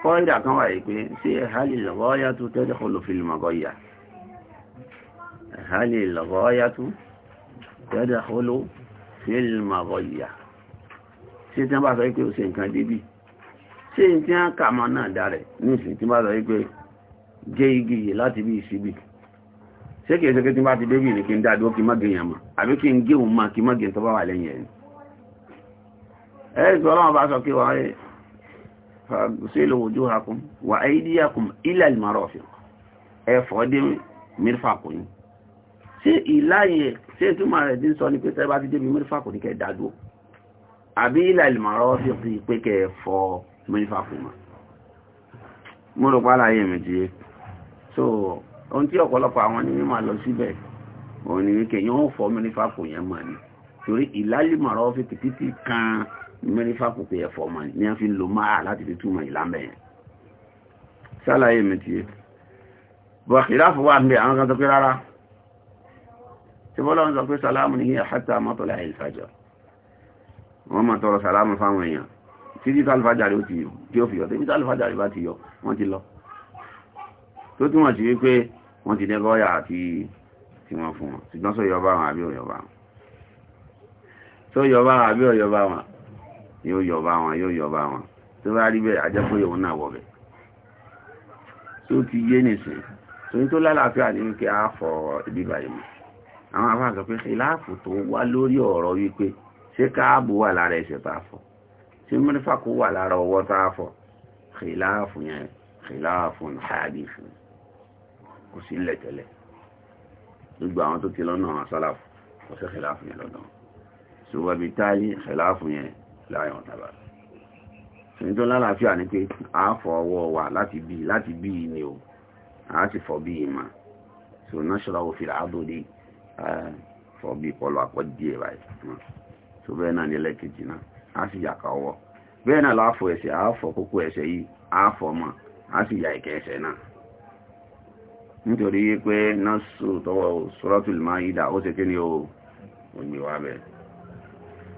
kọ́ìdà kan wà yìí pé sí ẹ̀hálì lọ́gọ́yà tó tẹ́lẹ̀ kọlù fìlìmọ̀gọ́yà ẹ̀hálì lọ́gọ́yà tó yọ́dá olú fílmàgọ́yà ṣe tí wọ́n bá sọ wípé ó ṣe nǹkan débì ṣe tí wọ́n kà mọ́ náà dárẹ̀ nísìn tí wọ́n bá sọ wípé gé igi yìí láti bí ìṣíbì ṣé kìí ṣe tí wọ́n bá ti débì ní kí n dádúró kí mọ́gì yàn àbí kí n gé òun mọ́ kí mọ́gì tó bá wà lẹ́yìn ẹ̀yìn ṣé ìláyẹ̀ ṣé ìtumọ̀ rẹ̀ dín sọ ní pé tẹ́bá ti débi mẹ́rífà kò ní kẹ́ dádúró àbí ilà ìlmọ̀rọ̀ fi fi pé kẹ́ fọ mẹ́rífà kò mọ̀ mo rò pàlà yẹ̀ méjì so ohun tí ọ̀pọ̀lọpọ̀ àwọn ní mímọ̀ lọ síbẹ̀ òun ni wíkẹ́ yóò fọ mẹ́rífà kò yẹn mọ̀ ni torí ìlà ìlmọ̀rọ̀ fi pìtìtì kan mẹ́rífà kò pé ẹ̀fọ́ mọ̀ ni a fi lò máa láti fi túmọ̀ ìlàmẹ̀ yẹn sálàyé méjì wà kìláàfù wà ń bẹ àwọn kan tó pé rárá ìbọ́lọ́run sọ pé sàlámù ní àhátà mọ́tọ̀lá ìfàjọ́ wọ́n mọ̀ tọrọ sàlámù fáwọn èèyàn tí títà alfàjàrí ó ti yọ tí ó fi yọ tí títà alfàjàrí bá ti yọ wọ́n ti lọ tó túnmọ̀ sí wípé wọ́n ti dẹ́gọ́yà àti tí wọ́n fún wọn ṣùgbọ́n sọ yọba wọn àbí ọ̀yọba wọn tó yọba wọn àbí ọ̀yọba wọn yóò yọba wọn yóò yọba wọn tó bá rí bẹ́ẹ̀ ajẹ́ pé òun náà wọ̀ bẹ̀ tó ti yé nìsín torí tó lálàáfíà ní wípé á fọ ibi báyìí àwọn afá sọ pé ìláàfù tó ń wá lórí ọ̀rọ̀ wípé ṣé káàbù wà lára ẹsẹ̀ tá a fọ̀ ṣé mẹ́rìfà kó wà lára ọwọ́ tá a fọ̀ ìláàfù yẹn ìláàfù nàábì fún kò sí ńlẹ̀ tẹ́lẹ̀ gbogbo àwọn tó ti lọ́nà àsálàfù kò sí ìláàfù yẹn lọ́dọ̀ ṣùgbọ́n bí táyé ìláàfù yẹn láyọ̀ tàbá ṣùgbọ́n tó lálàáfíà ni pé a fọ ọwọ́ wa láti bí láti bí ni o a sì fọ bí ìmà ṣùgbọ́n náà ṣọ́ra òfin àádọ́ fọ́bí pọ̀lọ̀ àpọ̀ díẹ̀ báyìí tó n'a náà ní ẹlẹ́kejì náà á sì yà ká ọwọ́ bẹ́ẹ̀ náà láàfọ̀ ẹsẹ̀ àáfọ̀ kókó ẹsẹ̀ yìí àáfọ̀ mọ̀ á sì yà ìkẹ́ ẹsẹ̀ náà nítorí pé násù tọwọ́ ó kí ni o gbé wá bẹ́ẹ̀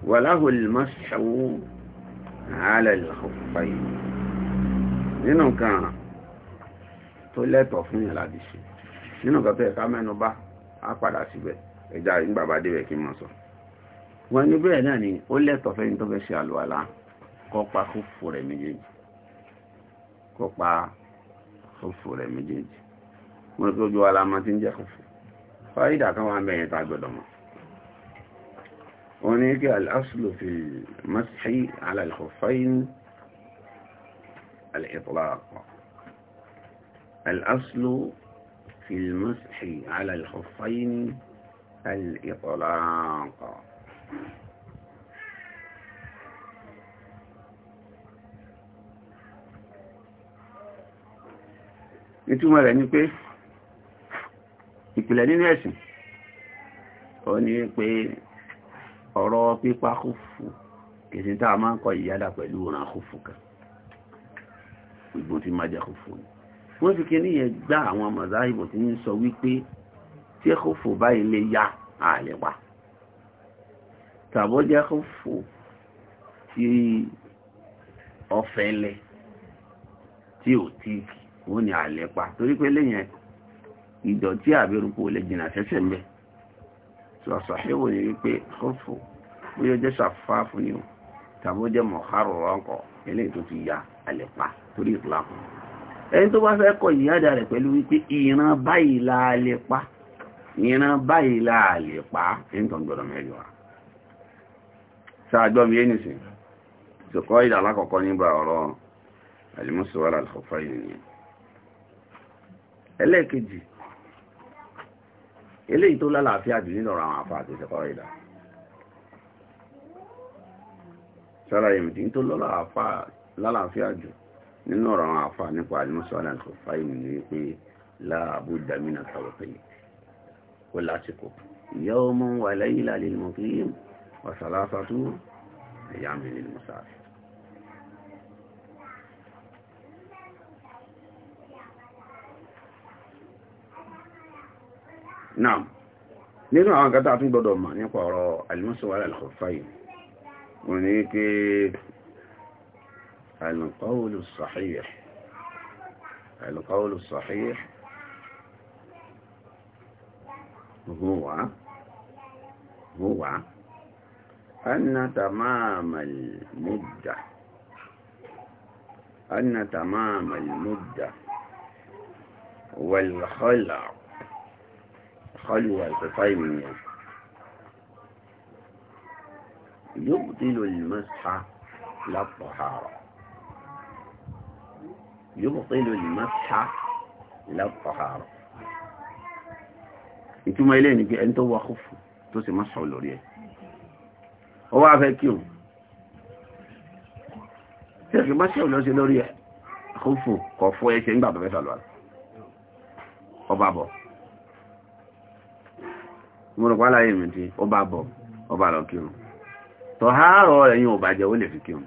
wà lahul ala al-khuffayn nínú kan tó lẹ́tọ̀ fún yàn láti nínú kan tó ẹ̀ká bá á padà síbẹ̀ ẹja nígbà bá débẹ̀ kí n mọ̀ sọ. wọ́n ní bẹ́ẹ̀ náà ni ó lẹ́tọ̀ọ́ fẹ́ni tó fẹ́ ṣe àlùwàlá kó pa kófò rẹ̀ méjèèjì kó pa kófò rẹ̀ méjèèjì mo rò pé ojú wa ti ń jẹ́ kófò fáyidà kan wà bẹ́yẹn tá a gbọ́dọ̀ mọ̀ wọ́n ní kí al fi mashi ala al-khuffayn al في المسح على الخفين الإطلاق ìtumọ̀ rẹ̀ ni pé ìpìlẹ̀ nínú ẹ̀sìn ó ní pé ọ̀rọ̀ pípa kúfù kìí tí a máa ń kọ ìyádà pẹ̀lú ọ̀ràn kúfù kan ìgbò tí má jẹ́ kúfù ni wọ́n fi kíní yẹn gbá àwọn mọ̀záìbò tí ń sọ wípé tí ẹ kò fò báyìí lè ya àlè wa tàbọ́jẹ́ kò fò tí ọ̀fẹ́lẹ̀ tí ò tí wọ́n ní àlè pa torí pé lẹ́yìn ìdọ̀tí àbẹ̀rùkù lè jìnà sẹ́sẹ̀ mẹ́ sọ̀sọ̀ ṣẹ́wò ni wípé kò fò bóyá jẹ́ sàfáfù ni o tàbọ́jẹ́ mọ̀hárọ̀ ọkọ̀ eléyìí tó ti ya àlè pa torí ìpìlà kan ẹni tó bá fẹ́ kọ ìyáda rẹ̀ pẹ̀lú wípé ìran báyìí láàlẹ̀ pa ìran báyìí láàlẹ̀ pa ẹni tó ń gbọ́dọ̀ mẹ́rin wa sáàjọ́ mi yé nìsín ṣùkọ́ ìdà alákọ̀ọ́kọ́ nígbà ọ̀rọ̀ àlìmọ́sọ̀wọ́lá àlùfọ́fọ́ ìrìnìyàn ẹlẹ́ẹ̀kejì eléyìí tó lálàáfíà jù nínú ọ̀rọ̀ nínú ọ̀rọ̀ àwọn àfà nípa àlùmọ́sọ̀lá nǹkan fáìmù ní wípé láàbù dàmínà tàwọ̀pẹ̀yì ó lásìkò ìyá ọmọ wà lẹ́yìn lálẹ́ ìmọ̀kìlíyìn wàsàlásà tó ẹ̀yà mi nínú sáàfì náà nínú àwọn kátà tún gbọdọ̀ mọ̀ nípa ọ̀rọ̀ àlùmọ́sọ̀lá nǹkan fáìmù ò ní pé القول الصحيح القول الصحيح هو هو أن تمام المدة أن تمام المدة والخلع خلوة تيمية يبطل المسح للطهارة يبطل المسح لا الطهارة ìtumọ̀ ilé ní pé ẹni tó wà kúfù tó sì máa sọ lórí ẹ̀ ó wá fẹ́ kí òun tí ẹ̀kì máa sọ lọ́sí lórí ẹ̀ kúfù kọ̀ fọ́ ẹsẹ̀ nígbà bẹ̀rẹ̀ sàlọ́ ọba bọ̀ mo rò pálá yìí mìtí ọba bọ̀ ọba lọ kí òun tọ̀hárọ̀ ẹ̀yìn ò bàjẹ́ ó lè fi kí òun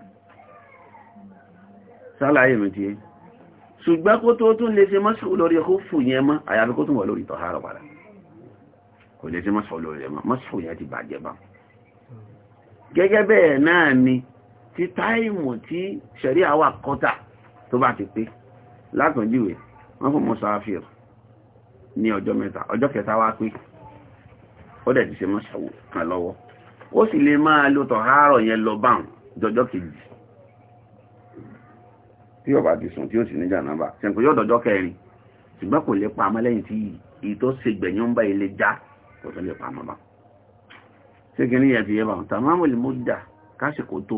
sálàyé mìtí ṣùgbọ́n kó tó tún lè ṣe mọ́ṣù lórí kúfù yẹn mọ́ àyàfi kó tún wà lórí tọ̀hárọ̀ padà kò lè ṣe mọ́ṣù lórí rẹ̀ mọ́ mọ́ṣù yẹn ti bàjẹ́ bá gẹ́gẹ́ bẹ́ẹ̀ náà ni ti táìmù tí ṣẹ̀rí àwà kọ́tà tó bá ti pé látọ̀júwẹ̀ wọ́n fún mọ́sáfíìr ní ọjọ́ mẹ́ta ọjọ́ kẹta wá pé ó dẹ̀ ti ṣe mọ́ṣù kan lọ́wọ́ ó sì lè máa lo tọ̀hárọ̀ yẹn lọ báhùn jọjọ́ kejì tí yóò bá ti sùn tí yóò sì ní jànábà ṣẹ̀ǹkù yóò dọjọ́ kẹrin ṣùgbọ́n kò lè pa amọ́lẹ́yìn tí èyí tó ṣe gbẹ̀yìn bá ilé já kò tó lè pa amọ́ bá ṣé kí ní yẹn fi yé bá tàmáàmù lè mọ́jà káṣíkò tó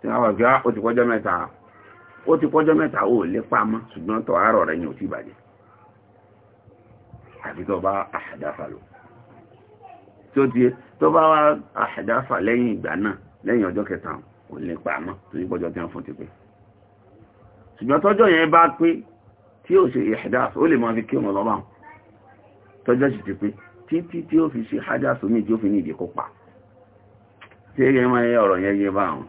tí wọ́n bá fi ah, ó ti kọjọ́ mẹ́ta ó ti kọjọ́ mẹ́ta ó lè pa amọ́ ṣùgbọ́n tọ́ àárọ̀ rẹ̀ yẹn ò tí bàjẹ́ àfi tó bá àṣàdáfà lò tí ó ti tó bá wá àṣàdáfà lẹ́yìn ìgbà náà lẹ́yìn ọjọ́ kẹta kò ṣùgbọ́n tọ́jọ́ yẹn bá pé tí ó ṣe ìhẹ́dáàsù ó lè máa fi kí òun lọ́wọ́ tọ́jọ́ sì ti pé títí tí ó fi ṣe hádásù ní ìjó fi ní ìdíkó pa tí ó máa yẹ ọ̀rọ̀ yẹ bá wọn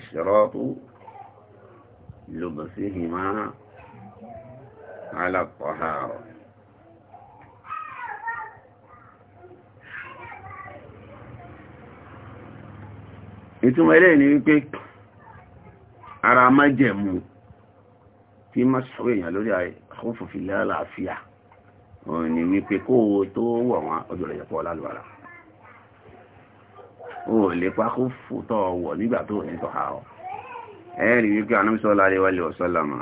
إشراط لبسهما على الطهارة ìtumọ̀ ilé ni wípé ara májẹ̀mú tí má sọ̀rọ̀ èèyàn lórí àkófòfin lálàáfíà òun ni wípé kó o tó wọ̀ wọ́n ọjọ́ ìyẹ̀pọ̀ lálùwàrà o lè pa kó fòtọ́ ọwọ̀ nígbà tó ní tọ́ha ọ ẹ̀rí wípé anúbísọ́lá aléwálé ọ̀sọ́lámà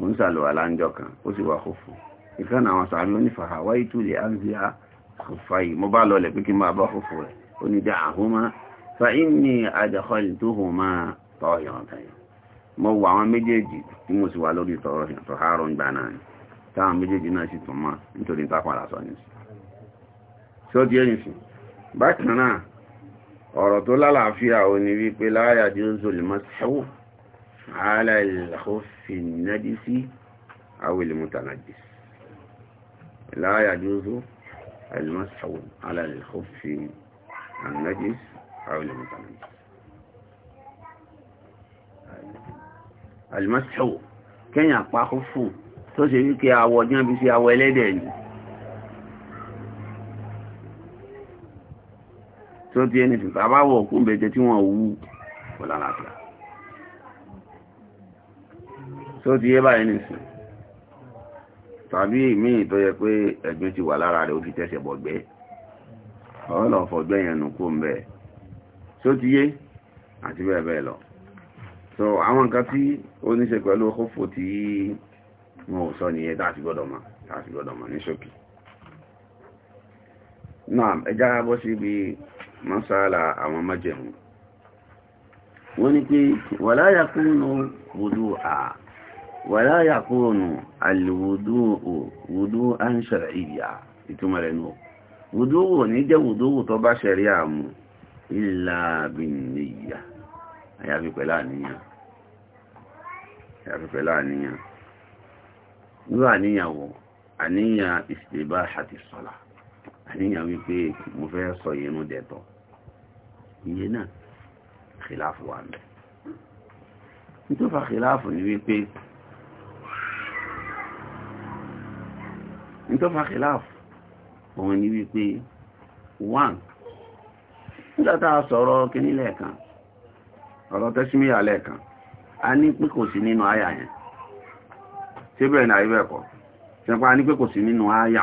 òun sàlọ̀ aláńjọ́ kan ó sì wà kó fò ìkan àwọn sàmì onífàhà wáyé tó lè ánzíà kò fàyè mo bá lọlẹ̀ pé kí máa bá fòfò rẹ̀ ó ní dá àhúmá fa inni àjàkọ́lì tó hùn máa tọ́ ìrántayọ̀ mo wà àwọn méjèèjì tí mo sì wà lórí ń gbà náà ni táwọn méjèèjì náà sì tún mọ́ nítorí tápàlà sọ ní sí. sọ́ọ́ di ẹ̀yìn sí bákan ọ̀rọ̀ tó lálàáfíà ò ní wípé láyà jí ó zò lè mọ́ sẹ́wò ààlà ìlàkófì nẹ́dí sí àwìlì mútànàjì láyà jí ó zò àìlùmọ́ sẹ́wò ààlà ìlàkófì nẹ́dí sí àwìlì mútànàjì àìlùmọ́ sẹ́wò kẹ́yìn àpá kó fò tó ṣe wípé awọ jẹ́ bí sí awọ ẹlẹ́dẹ̀ ni tí ó ti ẹni tí tàbá wọ̀ kú bẹ̀jẹ̀ tí wọ́n wú kò lálàáfíà tí ó ti yé báyìí nìsín tàbí míì tó yẹ pé ẹ̀gbin ti wà lára rẹ̀ ó ti tẹ̀sẹ̀ bọ̀gbẹ́ ọ̀rọ̀ lọ fọ̀gbẹ́ yẹn nù kú bẹ̀ tí ó ti yé àti bẹ́ẹ̀ bẹ́ẹ̀ lọ so àwọn nǹkan tí ó ní ṣe pẹ̀lú kófò tí wọn ò sọ nìyẹn tá a ti gbọ́dọ̀ mọ̀ tá a ti gbọ́dọ̀ mọ̀ ní ṣókí náà ẹja bọ́ sí ibi masala àwọn májẹ̀mú wọ́n ní pé wala yakunu wudu'a wala yakunu alwudu'u wudu'an shar'iyya ìtumọ̀ rẹ̀ nù wudu'u ní jẹ́ wudu'u tó bá ṣẹ̀rí àmú illa binniyya àyàfi pẹ̀lú àníyàn àyàfi pẹ̀lú àníyàn àníyàn wípé mo fẹ́ sọ ìrun dẹ̀tọ̀ ìyẹn náà kìláàfù wà mẹ́ nítòfà kìláàfù ni wípé nítòfà kìláàfù òun ni wípé one nígbà tá a sọ̀rọ̀ kíní lẹ́ẹ̀kan ọ̀rọ̀ tẹ́símíyà lẹ́ẹ̀kan a ní pé kò sí nínú àyà yẹn ṣé bẹ́ẹ̀ ni àyè bẹ́ẹ̀ kọ́ pa ní pé kò sí nínú àyà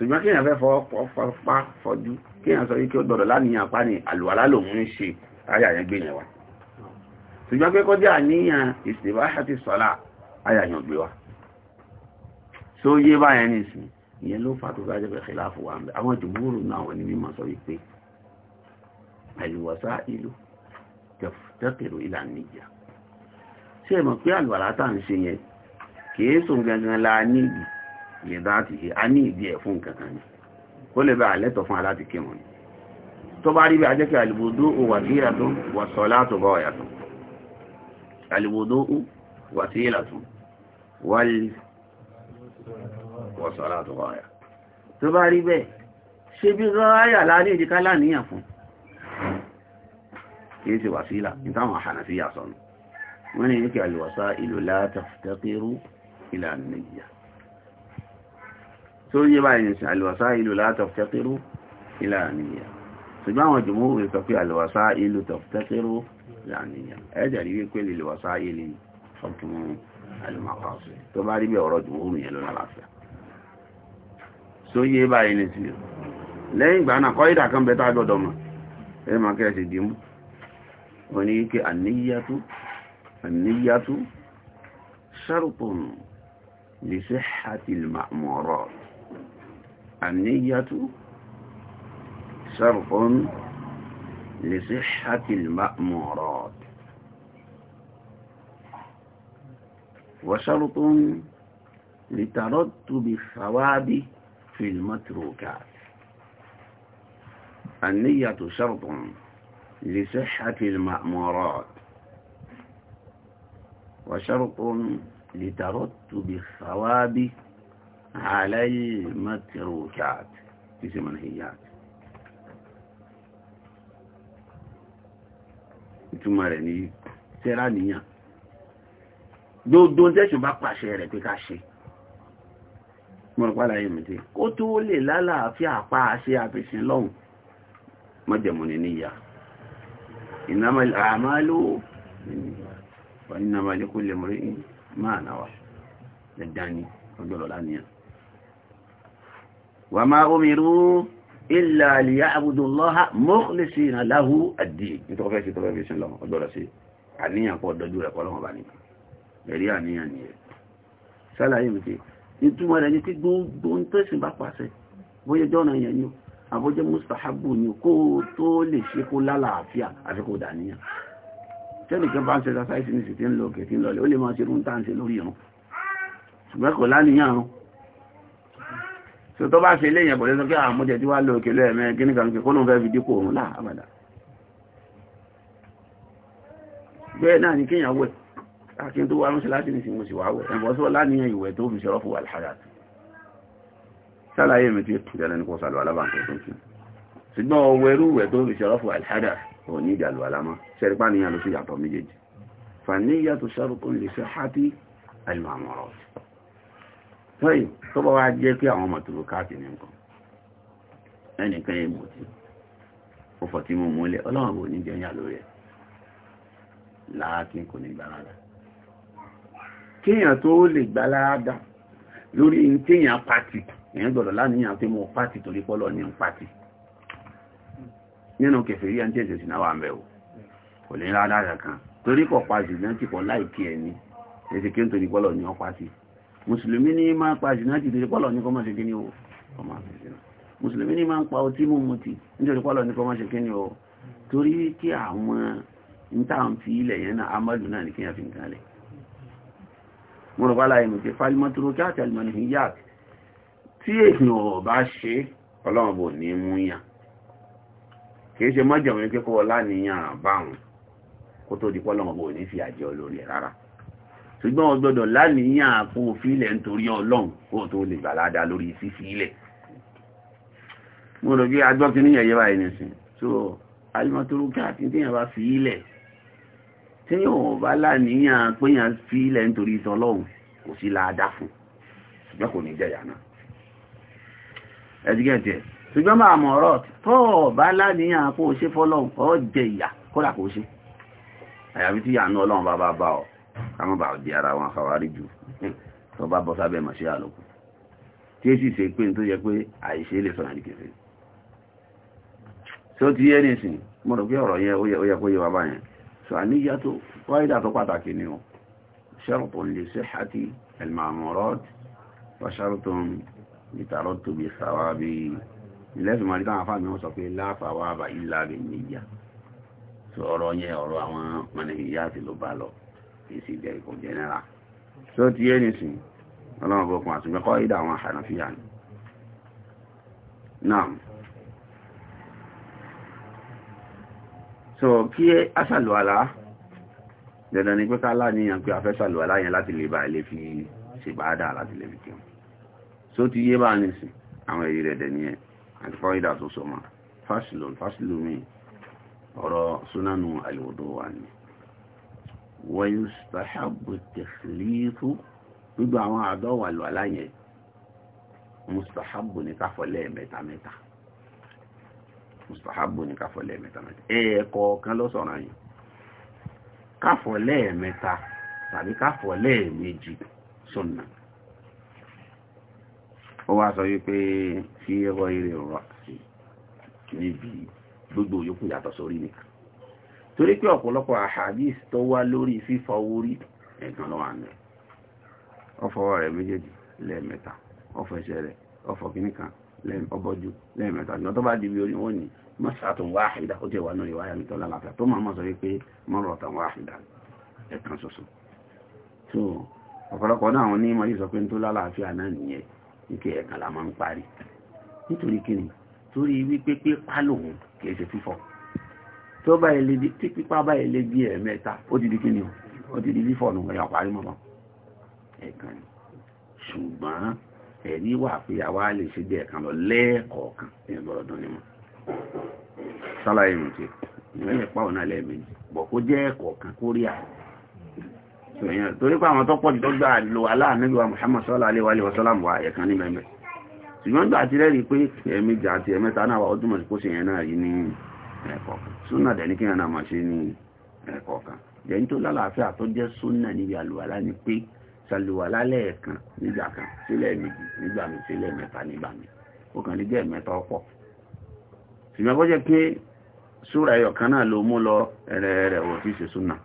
ṣùgbọ́n kíyàn fẹ́ fọ́pá fọ́jú kíyàn sọ wípé ó gbọ́dọ̀ láníyàn pa ní àlùwàlá lòun ń ṣe ayà yẹn gbé yẹn wa ṣùgbọ́n pé kọjá àníyàn ìsìnbá àti sọ́lá ayà yẹn gbé wa so yé báyẹn nìsín ìyẹn ló fà tó dájẹ́ pé kìláàfù wa ń bẹ àwọn jùmúrù náà wọ́n ní mímọ̀ sọ wípé àìwọ̀sá ìlú tẹ́kẹ̀rọ ìlà níjà ṣé ẹ pé àlùwàlá tá à ń ṣe yẹn kìí sùn gangan la níbi lè bá ti ṣe a ní ìdí ẹ̀ fún nǹkan kan ni ó lè bá àlẹ́tọ̀ fún aláti kírun ni tó bá rí bí a jẹ́ kí àlùbòdó ò wà sí ìyàtọ̀ wà sọ látò bá ọ̀yàtọ̀ àlùbòdó ò wà sí ìyàtọ̀ wà sọ látò bá ọ̀yà tó bá rí bẹ́ẹ̀ ṣe bí ráyà láàrin ìdíká láníyàn fún kìí ṣe wà sílà ìtàwọn àhànàfíyà sọnù wọ́n ni yíkẹ́ àlùwàsá ìlú látàfẹ́ ìlànà ìyà tó yé báyìí ní àlùwàsá ìlú látọ̀fẹ́kẹ́rú ìlànìyà ṣùgbọ́n àwọn jùmọ́ rẹ̀ sọ pé àlùwàsá ìlú tọ̀fẹ́kẹ́rú ìlànìyà ẹ̀jẹ̀ rí wípé lèlùwàsá ìlú ọ̀tún alùmọ̀kọ́sí tó bá rí bí ọ̀rọ̀ jùmọ́ rẹ̀ yẹn lọ́nà láfíà tó yé báyìí ní sí lẹ́yìn ìgbà náà kọ́ ìdà kan bẹ́tà gbọ́dọ̀ mọ̀ ṣe dìímú wọ́n mọ̀rọ̀ النية شرط لصحة المأمورات وشرط لترتب الثواب في المتروكات النية شرط لصحة المأمورات وشرط لترتب الثواب عليه متروكات في منهيات ìtumọ̀ rẹ̀ ní tẹ́rà níyàn gbogbo tẹ́sùn bá pàṣẹ rẹ̀ pé ká ṣe mọ̀rọ̀pàá láyé mìtí kó tó lè lálàáfíà pa àṣẹ àfẹ́sìn lọ́hùn mọ́jẹ̀mù ní níyà innamal a'malu wa innamal likulli imri'in ma nawa dandan ni níyàn wà máa umiru illa liya'budu Allaha mukhlisina lahu ad àbójẹ́ mustahabu ni kó tó lè ṣe kó lálàáfíà àfi dàníyàn tẹ́nìkan bá ń ṣe exercise ní sì ti ń lọ kẹ̀ tí ń lọlẹ̀ ó lè máa ṣe irun lórí irun ṣùgbọ́n láníyàn rún so tó bá ṣe ilé yẹn bọ̀lẹ́ sọ pé àwọn ah, mọ́jẹ̀ tí wá lọ òkèlú ẹ̀mẹ́ kíní kan kí kólóhùn fẹ́ fi dípò òun láà àbàdà bẹ́ẹ̀ náà ni kíyàn wẹ̀ akin tó wá ránṣẹ́ láti ní sinmi sí wá wẹ̀ ẹ̀bọ̀ sọ láníyàn ìwẹ̀ tó fi ṣọ́rọ́ fún wàlhàyà sálàyé mi ti tọ́yì tó bá wá jẹ́ pé àwọn mọ̀tòrò káàkì ní nǹkan ẹnìkan ìmọ̀ tí ó fọ̀ tí mo múlẹ̀ ọlọ́run bò ní jẹyà lórí ẹ̀ láàkín kò ní gbàládà kíyàn tó lè gbàládà lórí kíyàn pàtì èyàn gbọ́dọ̀ láníyàn pé mo pàtì torí pọ́lọ ní pàtì nínú kẹfẹ́ rí ẹni tí èsì náà wà mẹ́ kò ní rádà kan torí kọ̀ pàtì náà ti pọ̀ láì kí ẹni èsì kí n torí pọ́lọ ní pàtì mùsùlùmí ní máa pa jìnà ti torí pọ́lọ̀ ní kọmọ̀ ṣekí ní o ọmọ àfẹ́sìnà mùsùlùmí ní máa pa ọtí mímu ti nítorí pọ́lọ̀ ní kọmọ̀ ṣekí ní o torí kí àwọn ntáwọn fi ilẹ̀ yẹn náà amadu náà ní kí a fi nǹkan lẹ̀ mo rọ̀ pálá ìmọ̀ pé falimatoro kí àti alimọ̀ ní yá tí èèyàn ò bá ṣe ọlọ́run bò ní mú yàn kì í ṣe mọ́jọ̀mọ́ kíkọ́ ọlá níyàn báwọn kó tó di pọ́lọ́run bò ní fi àjẹ́ olórí rárá ṣùgbọ́n o gbọ́dọ̀ láníyàn àpò òfilẹ̀ nítorí ọlọ́run kó tó lè gbàládà lórí fífi ilẹ̀ mo rò bí agbọ́kí níyàn yẹ́ báyìí nìsín so alimọ́tòrókè àti tíyàn bá fi ilẹ̀ tíyàn ò bá láníyàn péyàn fi ilẹ̀ nítorí ìtọ́lọ́run kò sí láadá fún ṣùgbọ́n kò ní jẹ̀yà náà ẹ̀dígẹ̀tì ẹ̀ ṣùgbọ́n máa mọ̀ ọ̀rọ̀ tó bá láníyàn kó o ṣe fọ́lọ́run ọ jẹ̀yà kó àyàfi tí ìyànú ọlọ́run bá bá bá ọ káwọn bá di ara wọn àfàwárí jù tó bá bọ́ sábẹ́ mọ̀ sí àlòkù tí ó sì ṣe pé tó yẹ pé àìṣe lè sọ̀rọ̀ ní kẹfẹ́ tí ó ti yé nìsín mo rò pé ọ̀rọ̀ yẹn ó yẹ kó yẹ wá báyẹn sọ àníyá tó wáyídà tó pàtàkì ni ó ṣẹ́rùpù lè ṣe àti ẹ̀lmàmọ́rọ́d wàṣàrùtù ìtàrọ́tù bí sàwábí ilẹ̀sùn máa rí táwọn afáàmì wọn sọ pé láfàwábà ìlà rẹ̀ níyà sọ ọ̀rọ̀ yẹn ọ̀rọ̀ àwọn mọ̀nìyà ti ló bá lọ kìí sì jẹ́ ikọ̀ jẹ́nẹ́ra tó ti yé ní sìn ọlọ́run bọ́kùn àti mẹ́kọ́ ìdá àwọn àṣànàfíà ni náà so kí a ṣàlùwàlá dandan ni pé ká láníyàn pé a fẹ́ ṣàlùwàlá yẹn láti lè bá ilé fi ṣèbáadà láti lè fi kírun so ti yé bá ní sìn àwọn èyí rẹ̀ dẹ̀ nìyẹn àti kọ́ ìdá tó so mọ́ fásilò fásilò mi ọ̀rọ̀ súnánù àlùwòdó wà nìyẹn wọ́yùsítàṣàbù tẹ̀sílífù gbogbo àwọn àdọ́wà lọ aláyẹn mustahabu ní káfọ́lẹ̀ mẹ́tamẹ́ta mustahabu ní káfọ́lẹ̀ mẹ́tamẹ́ta ẹ̀ẹ̀kọ́ kan ló sọ̀rọ̀ yìí káfọ́lẹ̀ mẹ́ta tàbí káfọ́lẹ̀ méjì sunna ó wá sọ wípé fi ẹ̀rọ sí níbi gbogbo yòókù yàtọ̀ sórí nìkan torí pé ọ̀pọ̀lọpọ̀ àhàdís tó wá lórí fífọ orí ẹ̀kan lọ́wọ́ àná ọfọwọ́ rẹ̀ méjèèjì lẹ́ẹ̀mẹ́ta ọfọ ẹsẹ̀ rẹ̀ ọfọ kìnnìkan ọbọ̀jú lẹ́ẹ̀mẹ́ta ṣùgbọ́n tó bá di bí orí wọn ni mọ́sàtún wáhìdá ó jẹ́ wà náà ìwáyà mi tọ́lá láfíà tó máa mọ́ sọ wípé mọ́rọ̀tàn wáhìdá ẹ̀kan ṣoṣo so ọ̀pọ̀lọpọ̀ náà àwọn onímọ̀ yìí sọ pé tó lálàáfíà náà nìyẹn wípé ẹ̀kan la máa ń parí nítorí kíni torí wípé pé pálòun kìí ṣe fífọ́ tó bá ilé bí tí pípa bá ilé bí ẹ̀mẹ́ta ó ti di kí ni ó ti di fífọ̀nù ẹ̀yà parí mọ́ ẹ̀kan ni ṣùgbọ́n ẹ̀rí wà pé àwa lè ṣe bí ẹ̀kan lọ lẹ́ẹ̀kọ̀ọ̀kan ní ọgbọ̀rọ̀dún ni mọ́ sálàyé mi ti ìwọ̀n ẹ̀pá ọ̀nà lẹ́ẹ̀mejì bọ̀ kó jẹ́ ẹ̀kọ̀ọ̀kan kó rí àrùn torí pé àwọn tó pọ̀ tó gbà lo aláàánú wa Muhammad sọ́lá aléwálé wasọ́lámù wa ẹ̀kan ní mẹ́mẹ́ ṣùgbọ́n gbà ti rẹ́rìí pé ẹ̀mejì àti ẹ̀mẹ́ta náà wà ọdún mọ̀ ẹ̀kọ̀ọ̀kan súnà dẹ̀ ní kí ẹ̀nà máa ṣe ní ẹ̀kọ̀ọ̀kan jẹ́yìn tó lálàáfíà tó jẹ́ súnà níbi àlùwàlá ni pé ṣàlùwàlá lẹ́ẹ̀kan nígbà kan sílẹ̀ méjì nígbà mi sílẹ̀ mẹ́ta nígbà mi ó kàn lè jẹ́ mẹ́ta ọ̀pọ̀ ṣùgbọ́n bó jẹ́ pé súra ẹyọ kan náà ló mú lọ ẹ̀rẹ̀ rẹ̀ wò tí ṣe súnà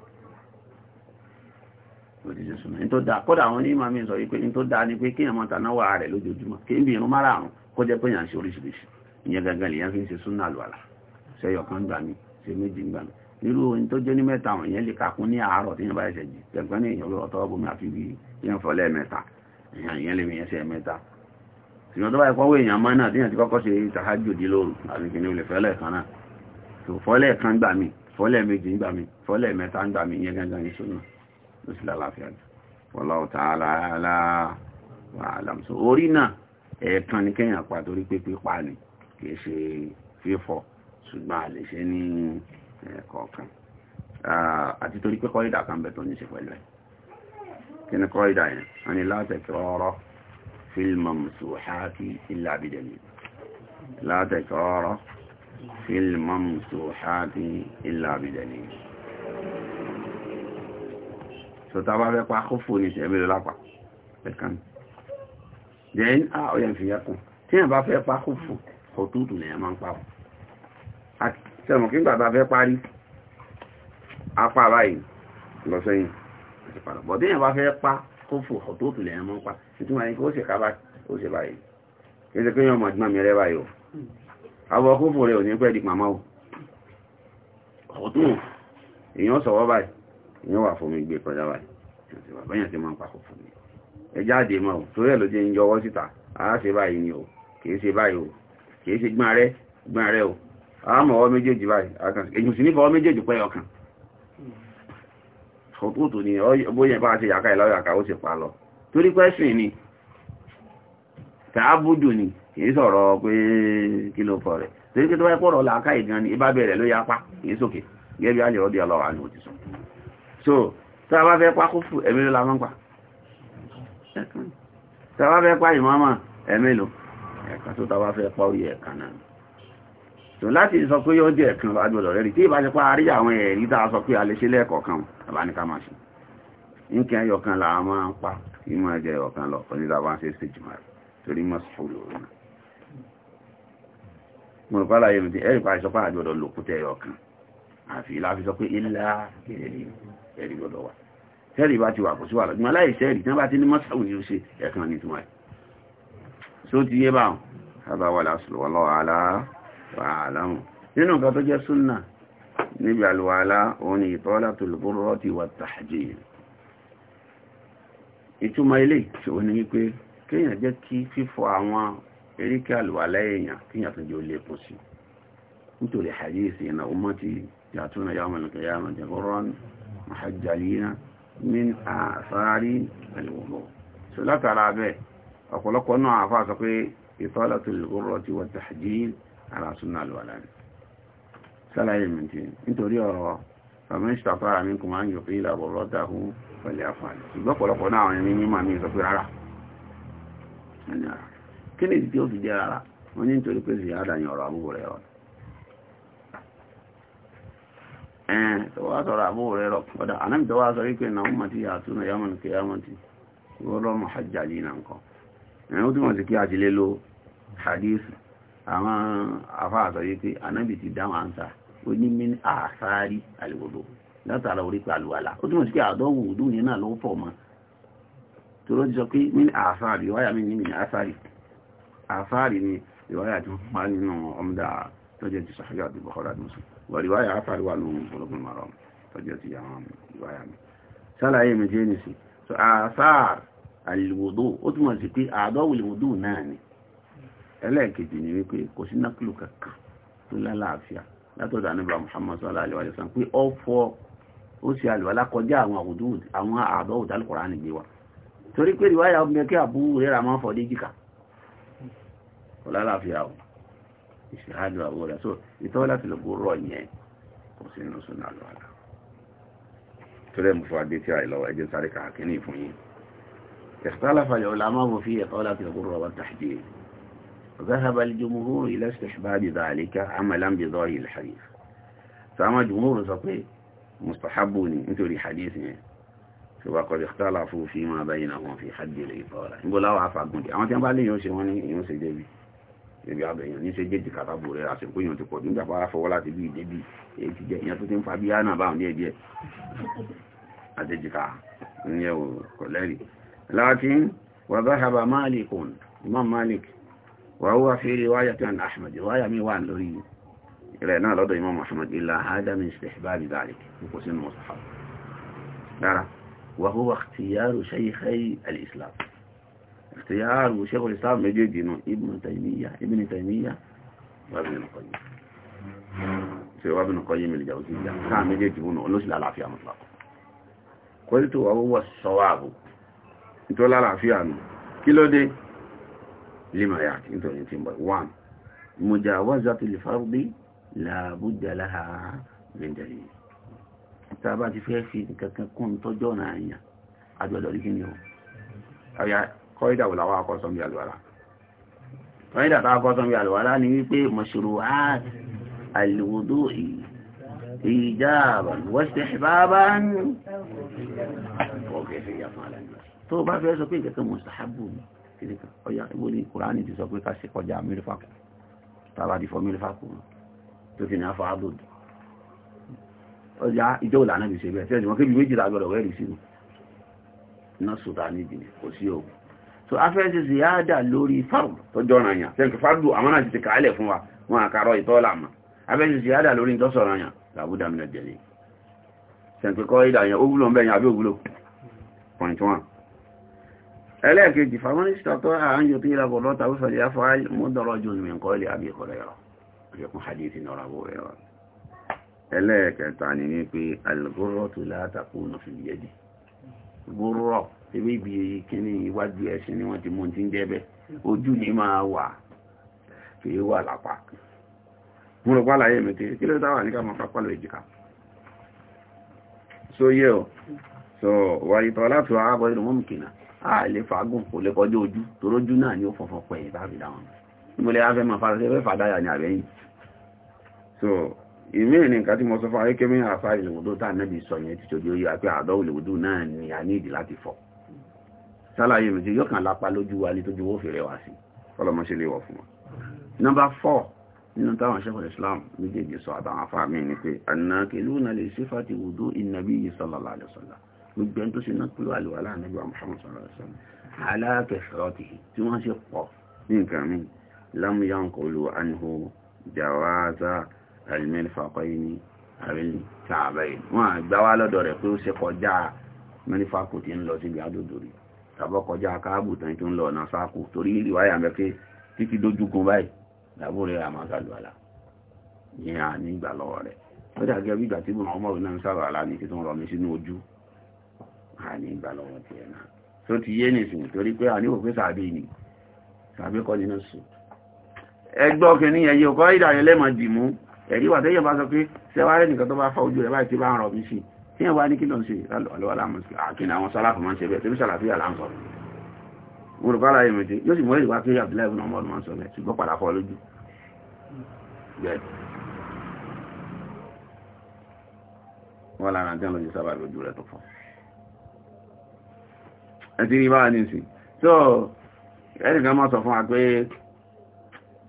wò tí ṣe súnà ní tó dáa kódà àwọn onímọ̀ mi sọ pé ní tó dáa ni pé kí èèyàn tàná wà rẹ̀ lójoojúmọ́ kí n bí irun márààrún kó jẹ́ pé èèyàn ṣe oríṣiríṣi ìyẹn gangan lèèyàn fi ń ṣe súnà àlùwàlá sẹ́yọ̀ kan gbà mí ṣe méjì gbà mí irú ohun tó jẹ́ ní mẹ́ta àwọn èèyàn lè kàkún ní àárọ̀ tí yẹn bá ṣẹ̀ jì tẹ̀gbọ́n ní èèyàn lọ́wọ́ tọ́wọ́ bomi àfi yẹn fọ́ lẹ́ẹ̀mẹ́ta èèyàn lè mi yẹn ṣe mẹ́ta ṣùgbọ́n tó bá ẹ̀kọ́ wọ èèyàn máa náà tí yẹn ti kọ́kọ́ ṣe ìtàhájò dí lóru àbí kìíní olè fẹ́lẹ̀ kan náà tó fọ́lẹ̀ kan gbà mí fọ́lẹ̀ méjì gbà mí fọ́lẹ̀ mẹ́ta gbà mí yẹn gangan ní sọ́nà ló sì lálàáfíà jù wallahu ta'ala wa alam so ṣùgbọ́n a lè ṣe ní ẹ̀kọ̀ọ̀kan àti torí pé kọ́ídà kan bẹ̀ tó ní ṣe pẹ̀lú ẹ̀ kí ni kọ́ídà yẹn a ní látẹ̀kọ́rọ́ fílmù mùsùlùmí ilẹ̀ àbídẹ̀mí látẹ̀kọ́rọ́ fílmù mùsùlùmí ilẹ̀ àbídẹ̀mí sọta bá fẹ́ pa kó fún ní ṣẹ̀mí lọ lápá ẹ̀kan jẹ́ ní àwọn ẹ̀fìyà kan tí wọ́n bá fẹ́ pa kó fún ọ̀tútù ni ẹ̀ máa ń pa fún àtẹ́mọ̀ kí gbàtà fẹ́ parí apá báyìí lọ sẹ́yìn àti padà bọ̀ tí èèyàn bá fẹ́ pa kó fò ọ̀tọ̀ òtù lẹ́yìn mọ́ pa nítorí wọn ni kó ṣe ká báyìí ó ṣe báyìí kí ṣe kéèyàn mọ̀ jùmọ̀ mi rẹ́ báyìí o àwọ̀ kó fò rẹ̀ ò ní pẹ́ di pàmò o ọ̀tọ̀ èèyàn sọ̀wọ́ báyìí èèyàn wà fún mi gbé kọjá báyìí bẹ́yàn ti máa ń pakọ̀ fún mi ẹ jáde mọ́ torí ẹ̀ ló jẹ́ ń yọwọ́ síta àá ṣe báyìí ni o kì í ṣe báyìí o kì í ṣe gbọ́n o àmọ́ ọwọ́ méjèèjì báyìí àkànsì èyí sì méjèèjì pẹ́ ọkàn ọ̀tútù ni bóyẹ̀ bá ṣe yàká ìlọ́yọ̀ ni tààbùdù ni kìí sọ̀rọ̀ pé kí ló rẹ̀ torí pé tó wáyé pọ̀rọ̀ ìgan ni bẹ̀rẹ̀ ló kìí sókè ọlọ́wà ni ó ti sọ a ẹ̀mí ló la máa ń pa tó láti sọ pé yóò jẹ́ ẹ̀kan agbọ́dọ̀ rẹ̀ rí tí ìbá jẹpá rí àwọn ẹ̀rí tàà sọ pé a lè ṣe lẹ́ẹ̀kọ̀ọ̀kan àbáníká máa ṣe nǹkan ẹyọkan là máa ń pa ìmọ̀ ẹjẹ ẹyọkan lọ oníta bá ń ṣe stage mile torí mọ́sùlù òun mo rò pálá yẹnu tí ẹ̀rí pa ìsọpá àgbọ́dọ̀ lòkúta ẹyọkan àfi láfi sọ pé ilá ẹ̀rí gbọ́dọ̀ wà sẹ́rí bá ti wà kò sí wà lọ́jọ́ aláìsẹ́rí tí wọ́n bá ti ní mọ́sùlù yóò ṣe ẹ̀kan ní túmọ̀ ẹ̀ ti yé báwọn fàálàmù nínú nǹkan tó jẹ́ súnnà níbi àlùwàlá òun ni italatul burrati wa tahjil ìtumọ̀ ilé ìṣòwò ní wípé kéèyàn jẹ́ kí fífọ àwọn eríkẹ́ àlùwàlá èèyàn kéèyàn tó jẹ́ olè pọ̀ sí nítorí hadisi ìnà ummati ya'tuna yawmal qiyamati ghurran muhajjalina ọ̀pọ̀lọpọ̀ náà àfáà sọ pé italatul burrati wa tahjil ara suna lọ àlàní sálàyé mi ti nítorí ọ̀rọ̀ ọmọ ìṣàfà àmì kò máa ń yọ pé ìlàbọ̀ lọ́dà hù pẹ̀lú àfààní ṣùgbọ́n náà mímọ̀ rárá kí ni jẹ́ rárá wọ́n ní nítorí ọ̀rọ̀ rẹ̀ àwọn afáàsọ yìí pé anábì ti dáwọn àǹsà ó ní mí àṣáárí àlùwòdò látara orí pàlú àlà ó túnmọ̀ sí pé àdánwò òdú yẹn náà ló fọ̀ mọ́ tó ló ti sọ pé mí àṣáárí wáyà mí ní mí àṣáárí àṣáárí ni ìwáyà tó pa nínú ọmọdà tó jẹ́ ti sàfihàn àti bọ̀kọ́lá tó sùn wọ́n ìwáyà àṣáárí wà lóhun ọlọ́gbọ̀n márùn tó jẹ́ ti àwọn ìwáyà mi sálàyé mi jẹ́ nìsí àṣáàr ẹlẹ́ẹ̀kejì ni wípé kò sí nákìlù kankan tó lálàáfíà látọ̀dọ̀ àníbà Muhammad sallallahu alaihi wasallam pé ọ fọ ó ṣe àlùwàlá kọjá àwọn àwùdó àwọn àbọ̀ òtálùkọ̀rá nìgbé wa torí pé ìwáyà ọmọ ẹkẹ́ àbúrú rẹ̀ máa ń fọ́ díjìká kò lálàáfíà o ìṣèhájú àwọn rẹ̀ so ìtọ́wọ́ láti lè gbóró ọ̀yẹn kò sí inú sún àlùwàlá torí ẹ̀mú fún adé tí a ìlọ́wọ́ ẹjẹ́ sáré kàkínní fún yín ikhtalafa al-ulama fi ìtọ́wọ́ láti lè gbóró ọ̀wọ́ tàbí ذهب الجمهور إلى استحباب ذلك عملا بظاهر الحديث فأما جمهور سطي مستحبوني انتوا لي حديثني وقد اختلفوا فيما بينهم في حد الإطالة نقول لا وعفا قلت أما تنبع لي يوسي واني يوسي دبي ebi abẹ̀yàn ní ṣe jẹ́jì kàtàbù rẹ̀ àsìkò yàn ti pọ̀ nígbà fara fọwọ́ láti bí ìdébí èyí ti jẹ́ ìyàn tó ti ń fa bí yánà báwọn ní ẹbí ẹ̀ àjẹjìká ní ẹwọ̀ kọ̀lẹ́rì láti wà bá haba Malikun Imam Malik وهو في رواية عن أحمد رواية ميوان لوري إلينا لدى إمام أحمد إلا هذا من استحباب ذلك وقسم المصحف نعم وهو اختيار شيخي الإسلام اختيار شيخ الإسلام مجدين ابن تيمية ابن تيمية وابن القيم سوى ابن القيم الجوزية كان مجدين ونسل العافية مطلقا قلت وهو الصواب انتوا لا العافية كيلو دي لما يعطي انت نمبر 1 مجاوزه الفرض لا بد لها من دليل تابعتي في في تكون تجونا يعني ادو لو لكن يو اي قاعده ولا قسم يا الولا قاعدة قسم يا الولا ني بي مشروعات الوضوء ايجابا واستحبابا اوكي في يا فعلا تو بعد في مستحبون kiri kan ọya ibo ni kùránì ti sọ pé ká ṣe kọjá mílífàkù tàbá dìfọ́ mílífàkù tó fi ní afọ àbòdì ọjà ìjọ ìlànà ìṣe bẹ́ẹ̀ tẹ́jú wọn kébí méjìlá gbọdọ̀ wẹ́rì sínú iná sùtà níbi kò sí òun so afẹ́sẹ̀ sì yá dà lórí fáwù tọjọ́ ọ̀ràn yàn tẹ́ǹkì fáwù àwọn náà ti ti kàálẹ̀ fún wa wọn àkàrọ̀ ìtọ́lá mà afẹ́sẹ̀ sì yá dà lórí ìtọ́sọ̀ ọ̀ràn yàn làbúdà mi lẹ́jẹ̀ ni tẹ́ǹkì kọ́ ìdà yẹn ó wúlò ń bẹ́yìn àbí òwúlò point one ẹlẹ́ẹ̀kejì fàmílì ṣàtọ́ àáyò tí ìlàgọ̀ lọ́ta ó fẹ̀lẹ̀ afọ́ mọ́dọ̀rọ̀jù mìǹkọ́ ilẹ̀ àbí ìkọ̀lẹ̀rọ̀ ọjọ́kùn hadith náà ràbọ̀ ẹ̀rọ ẹlẹ́ẹ̀kẹta ni wípé alìgọ́rọ̀ tó látàkùnà fi yẹ́dì gbọ́rọ̀ ewé ibi kíní iwájú ẹ̀sìn ni wọ́n ti mú ti ń jẹ́bẹ̀ ojú ni máa wà kì í wà lápá mo rò pàlà yé mi kì í kí ló táwà ní ká máa pápá lọ èjìká so yẹ o so wàyí tọ́lá tó ààbọ̀ ìlú mọ́mùkìnà a lè fagún kò lè kọjú ojú torójú náà ni ó fọ̀fọ̀ pẹ̀ ìbáfi dáwọn ìmúlẹ̀ afẹ́ ma fara sí ẹfẹ́ fàdáyà ní àbẹ́yìn so ìmí ìrìn nǹkan tí mo sọ fún ayéké mi àfa ìlèwòdó tá nẹ́bí sọ yẹn ti tòjú oyè àpé àdọ́ ìlèwòdó náà ni a ní ìdí láti fọ sálàyé mi sí yóò kàn lápá lójú wa ní tójú owó fèrè wá sí fọlọmọ ṣe lè wọ fún wọn nọmba fọ nínú táwọn ṣẹfọ Islam méjèèjì sọ àtàwọn afáàmì ni pé ànàkèlú náà lè ṣífàtì wùdó ìnàbí yìí sallallahu alaihi wasallam gbogbo ẹni tó ṣe náà kúlò àlùwà láàrin ẹgbẹ́ Muhammad sallallahu alaihi wasallam aláàkẹsọ̀rọ̀ tì tí wọ́n ṣe pọ̀ ní nǹkan mi lam yankulu anhu jawaza almirfaqaini àbí tààbẹ̀yìn wọ́n àgbá wá lọ́dọ̀ rẹ̀ pé ó ṣe kọjá mẹ́rífàkù tí ń lọ síbi àdòdò rí tàbọ́ kọjá káàbù tán tó ń lọ ọ̀nà sáàkù torí ìwáyà mẹ́fẹ́ títí dójúkun báyìí dàbò àní ìgbà lọ́wọ́ tiẹ̀ náà tó ti yé nìsín torí pé àní òfin sàbí ni sàbí kọ́ nínú sùn ẹgbẹ́ ọkùnrin yẹn yóò kọ́ ìdàyẹn lẹ́mọ̀ dì mú ẹ̀rí wà tẹ́yẹ̀ bá sọ pé sẹ́wárẹ́ nìkan tó bá fa ojú rẹ̀ báyìí tí bá ń rọ̀ mí sí tí yẹn wá ní kí ló ń ṣe lọ́wọ́ láàmú sí àkínà àwọn sálàfù máa ń ṣe bẹ́ẹ̀ tó bí sàlàfíà là ń sọ mo rò bára ẹ̀mí tí yóò sì mọ èdè wá pé Abdullahi ibn Umar máa ń sọ bẹ́ẹ̀ ṣùgbọ́n padà fọ́ lójú bẹ́ẹ̀ wọ́n ẹ̀tí rí báyìí nìsí so ẹ̀rìnkan máa sọ fún wa pé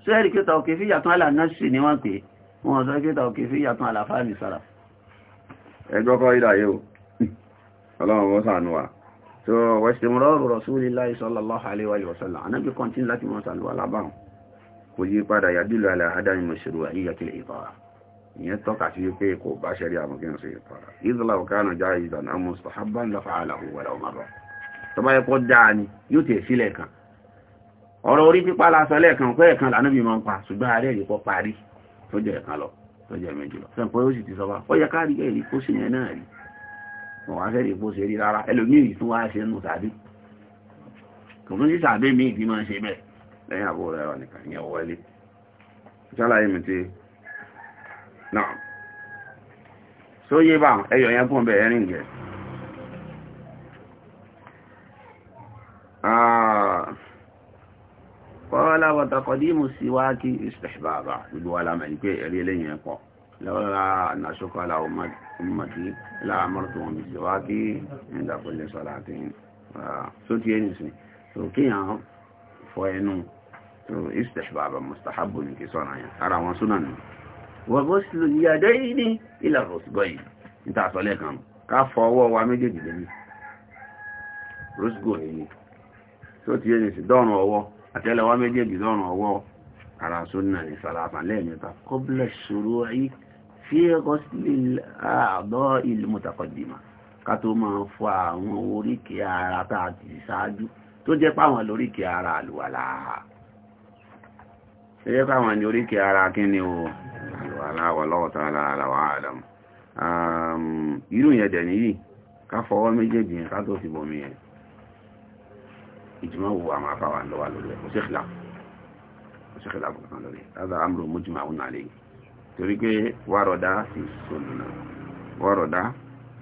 ṣé ẹ̀rì kíta òkè fi yàtọ̀ àlà náà sì ní wọ́n pé wọ́n sọ kíta òkè fi yàtọ̀ àlà fáàmì sára ẹgbọ́kọ́ ìdàyé so wẹ́sìmọ́rọ̀ rasulillahi sallallahu alaihi wa sallam anábì kọ́ntín láti mọ́ sànú wa lábáhùn kò yí padà yàdúlọ aláhádání mọ̀ṣẹ̀rù àyíyàtìlẹ̀ ìtọ́ra ìyẹn tọ́ka sí pé kò bá ṣẹ̀rí àmọ́kínà sí ìtọ́ra ìdọ́lá ọ̀kánà jáyìí dàn tọba ẹkọ́ dáa ni yóò tẹ̀ sílẹ̀ kan ọ̀rọ̀ orí pípa lásọ lẹ́ẹ̀kan pé ẹ̀kan lànàbí máa ń pa ṣùgbọ́n ààrẹ rí pọ́ parí tó jẹ́ ẹ̀kan lọ tó jẹ́ méjì lọ fẹ́ǹpọ́ ó sì ti sọba ó yẹ káàrí ẹ̀rí kó sí yẹn náà rí wọ́n wá fẹ́ẹ̀rí kó ṣe rí rárá ẹlòmíì tún wá ṣe nù tàbí kò tún sí sàbẹ́ mi ìdí máa ń ṣe bẹ́ẹ̀ lẹ́yìn àbúrò rẹ̀ wà nìkan ìyẹn wọlé ṣàlàyé mi ti náà sóyè bá ẹyọ yẹn fún bẹ́ẹ̀ ẹ̀rìn kọ́lá wàtàkọ̀dí mú sí wá kí istihbaba gbogbo alamẹ́ ní pé ẹ̀rí eléyìn ẹ̀kọ́ lọ́la nàṣọ́kọ́lá ọmọdé láàmọ́rọ̀tọ̀ wọn sí wá kí ìdàkọ̀lẹ̀ sọ́lá àti sótí ẹni sí tó kíyàn fọ ẹnu tó istihbaba mustahabu ní kí sọ́nà tí ó ti yé nìsí dọ́rùn ọwọ́ àtẹ́lẹwọ́ méjèèjì dọ́rùn ọwọ́ ara súnà ní sàlàfà lẹ́ẹ̀mẹ́ta kọ́bílẹ̀ ṣòro ayé fi gọ́sílẹ̀ àádọ́ ìlú mọ́tàkọ̀dìmà ká tó máa fọ àwọn oríkèé ara tá a ti ṣáájú tó jẹ́ páwọn lóríkèé ara àlùwàlà tó jẹ́ páwọn ní oríkèé ara kí ni o àlùwàlà wallahu ta'ala a'lam irú yẹn dẹ̀ nìyí ká fọwọ́ méjèèjì yẹn ká tó fi bọ̀ mí yẹn ìjìmọ̀ wo àwọn afáwà ń lọ́wà lórí ẹ̀ kò sí ìlà kò sí ìlà kankan lórí lábàá amúrò mójúmọ̀ àwọn àlẹ́ yìí torí pé wàrọ̀dá ti sọ̀nà wàrọ̀dá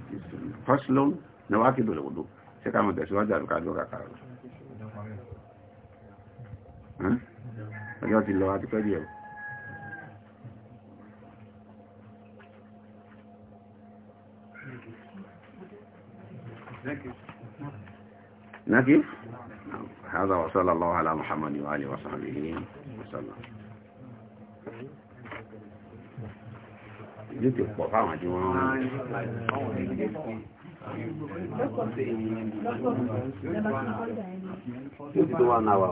ti sọ̀nà fásilọ́n ní wàá kéde òdòdó ṣé ká máa tẹ̀síwájú àdúrà àdúrà kàkà rẹ̀ ọjọ́ ti lọ àti pẹ́ díẹ̀ o. Nakif? هذا وصلى الله على محمد وآله وصحبه وسلم ìlú ti pọ̀ fáwọn àti wọn tí ó ti tó wà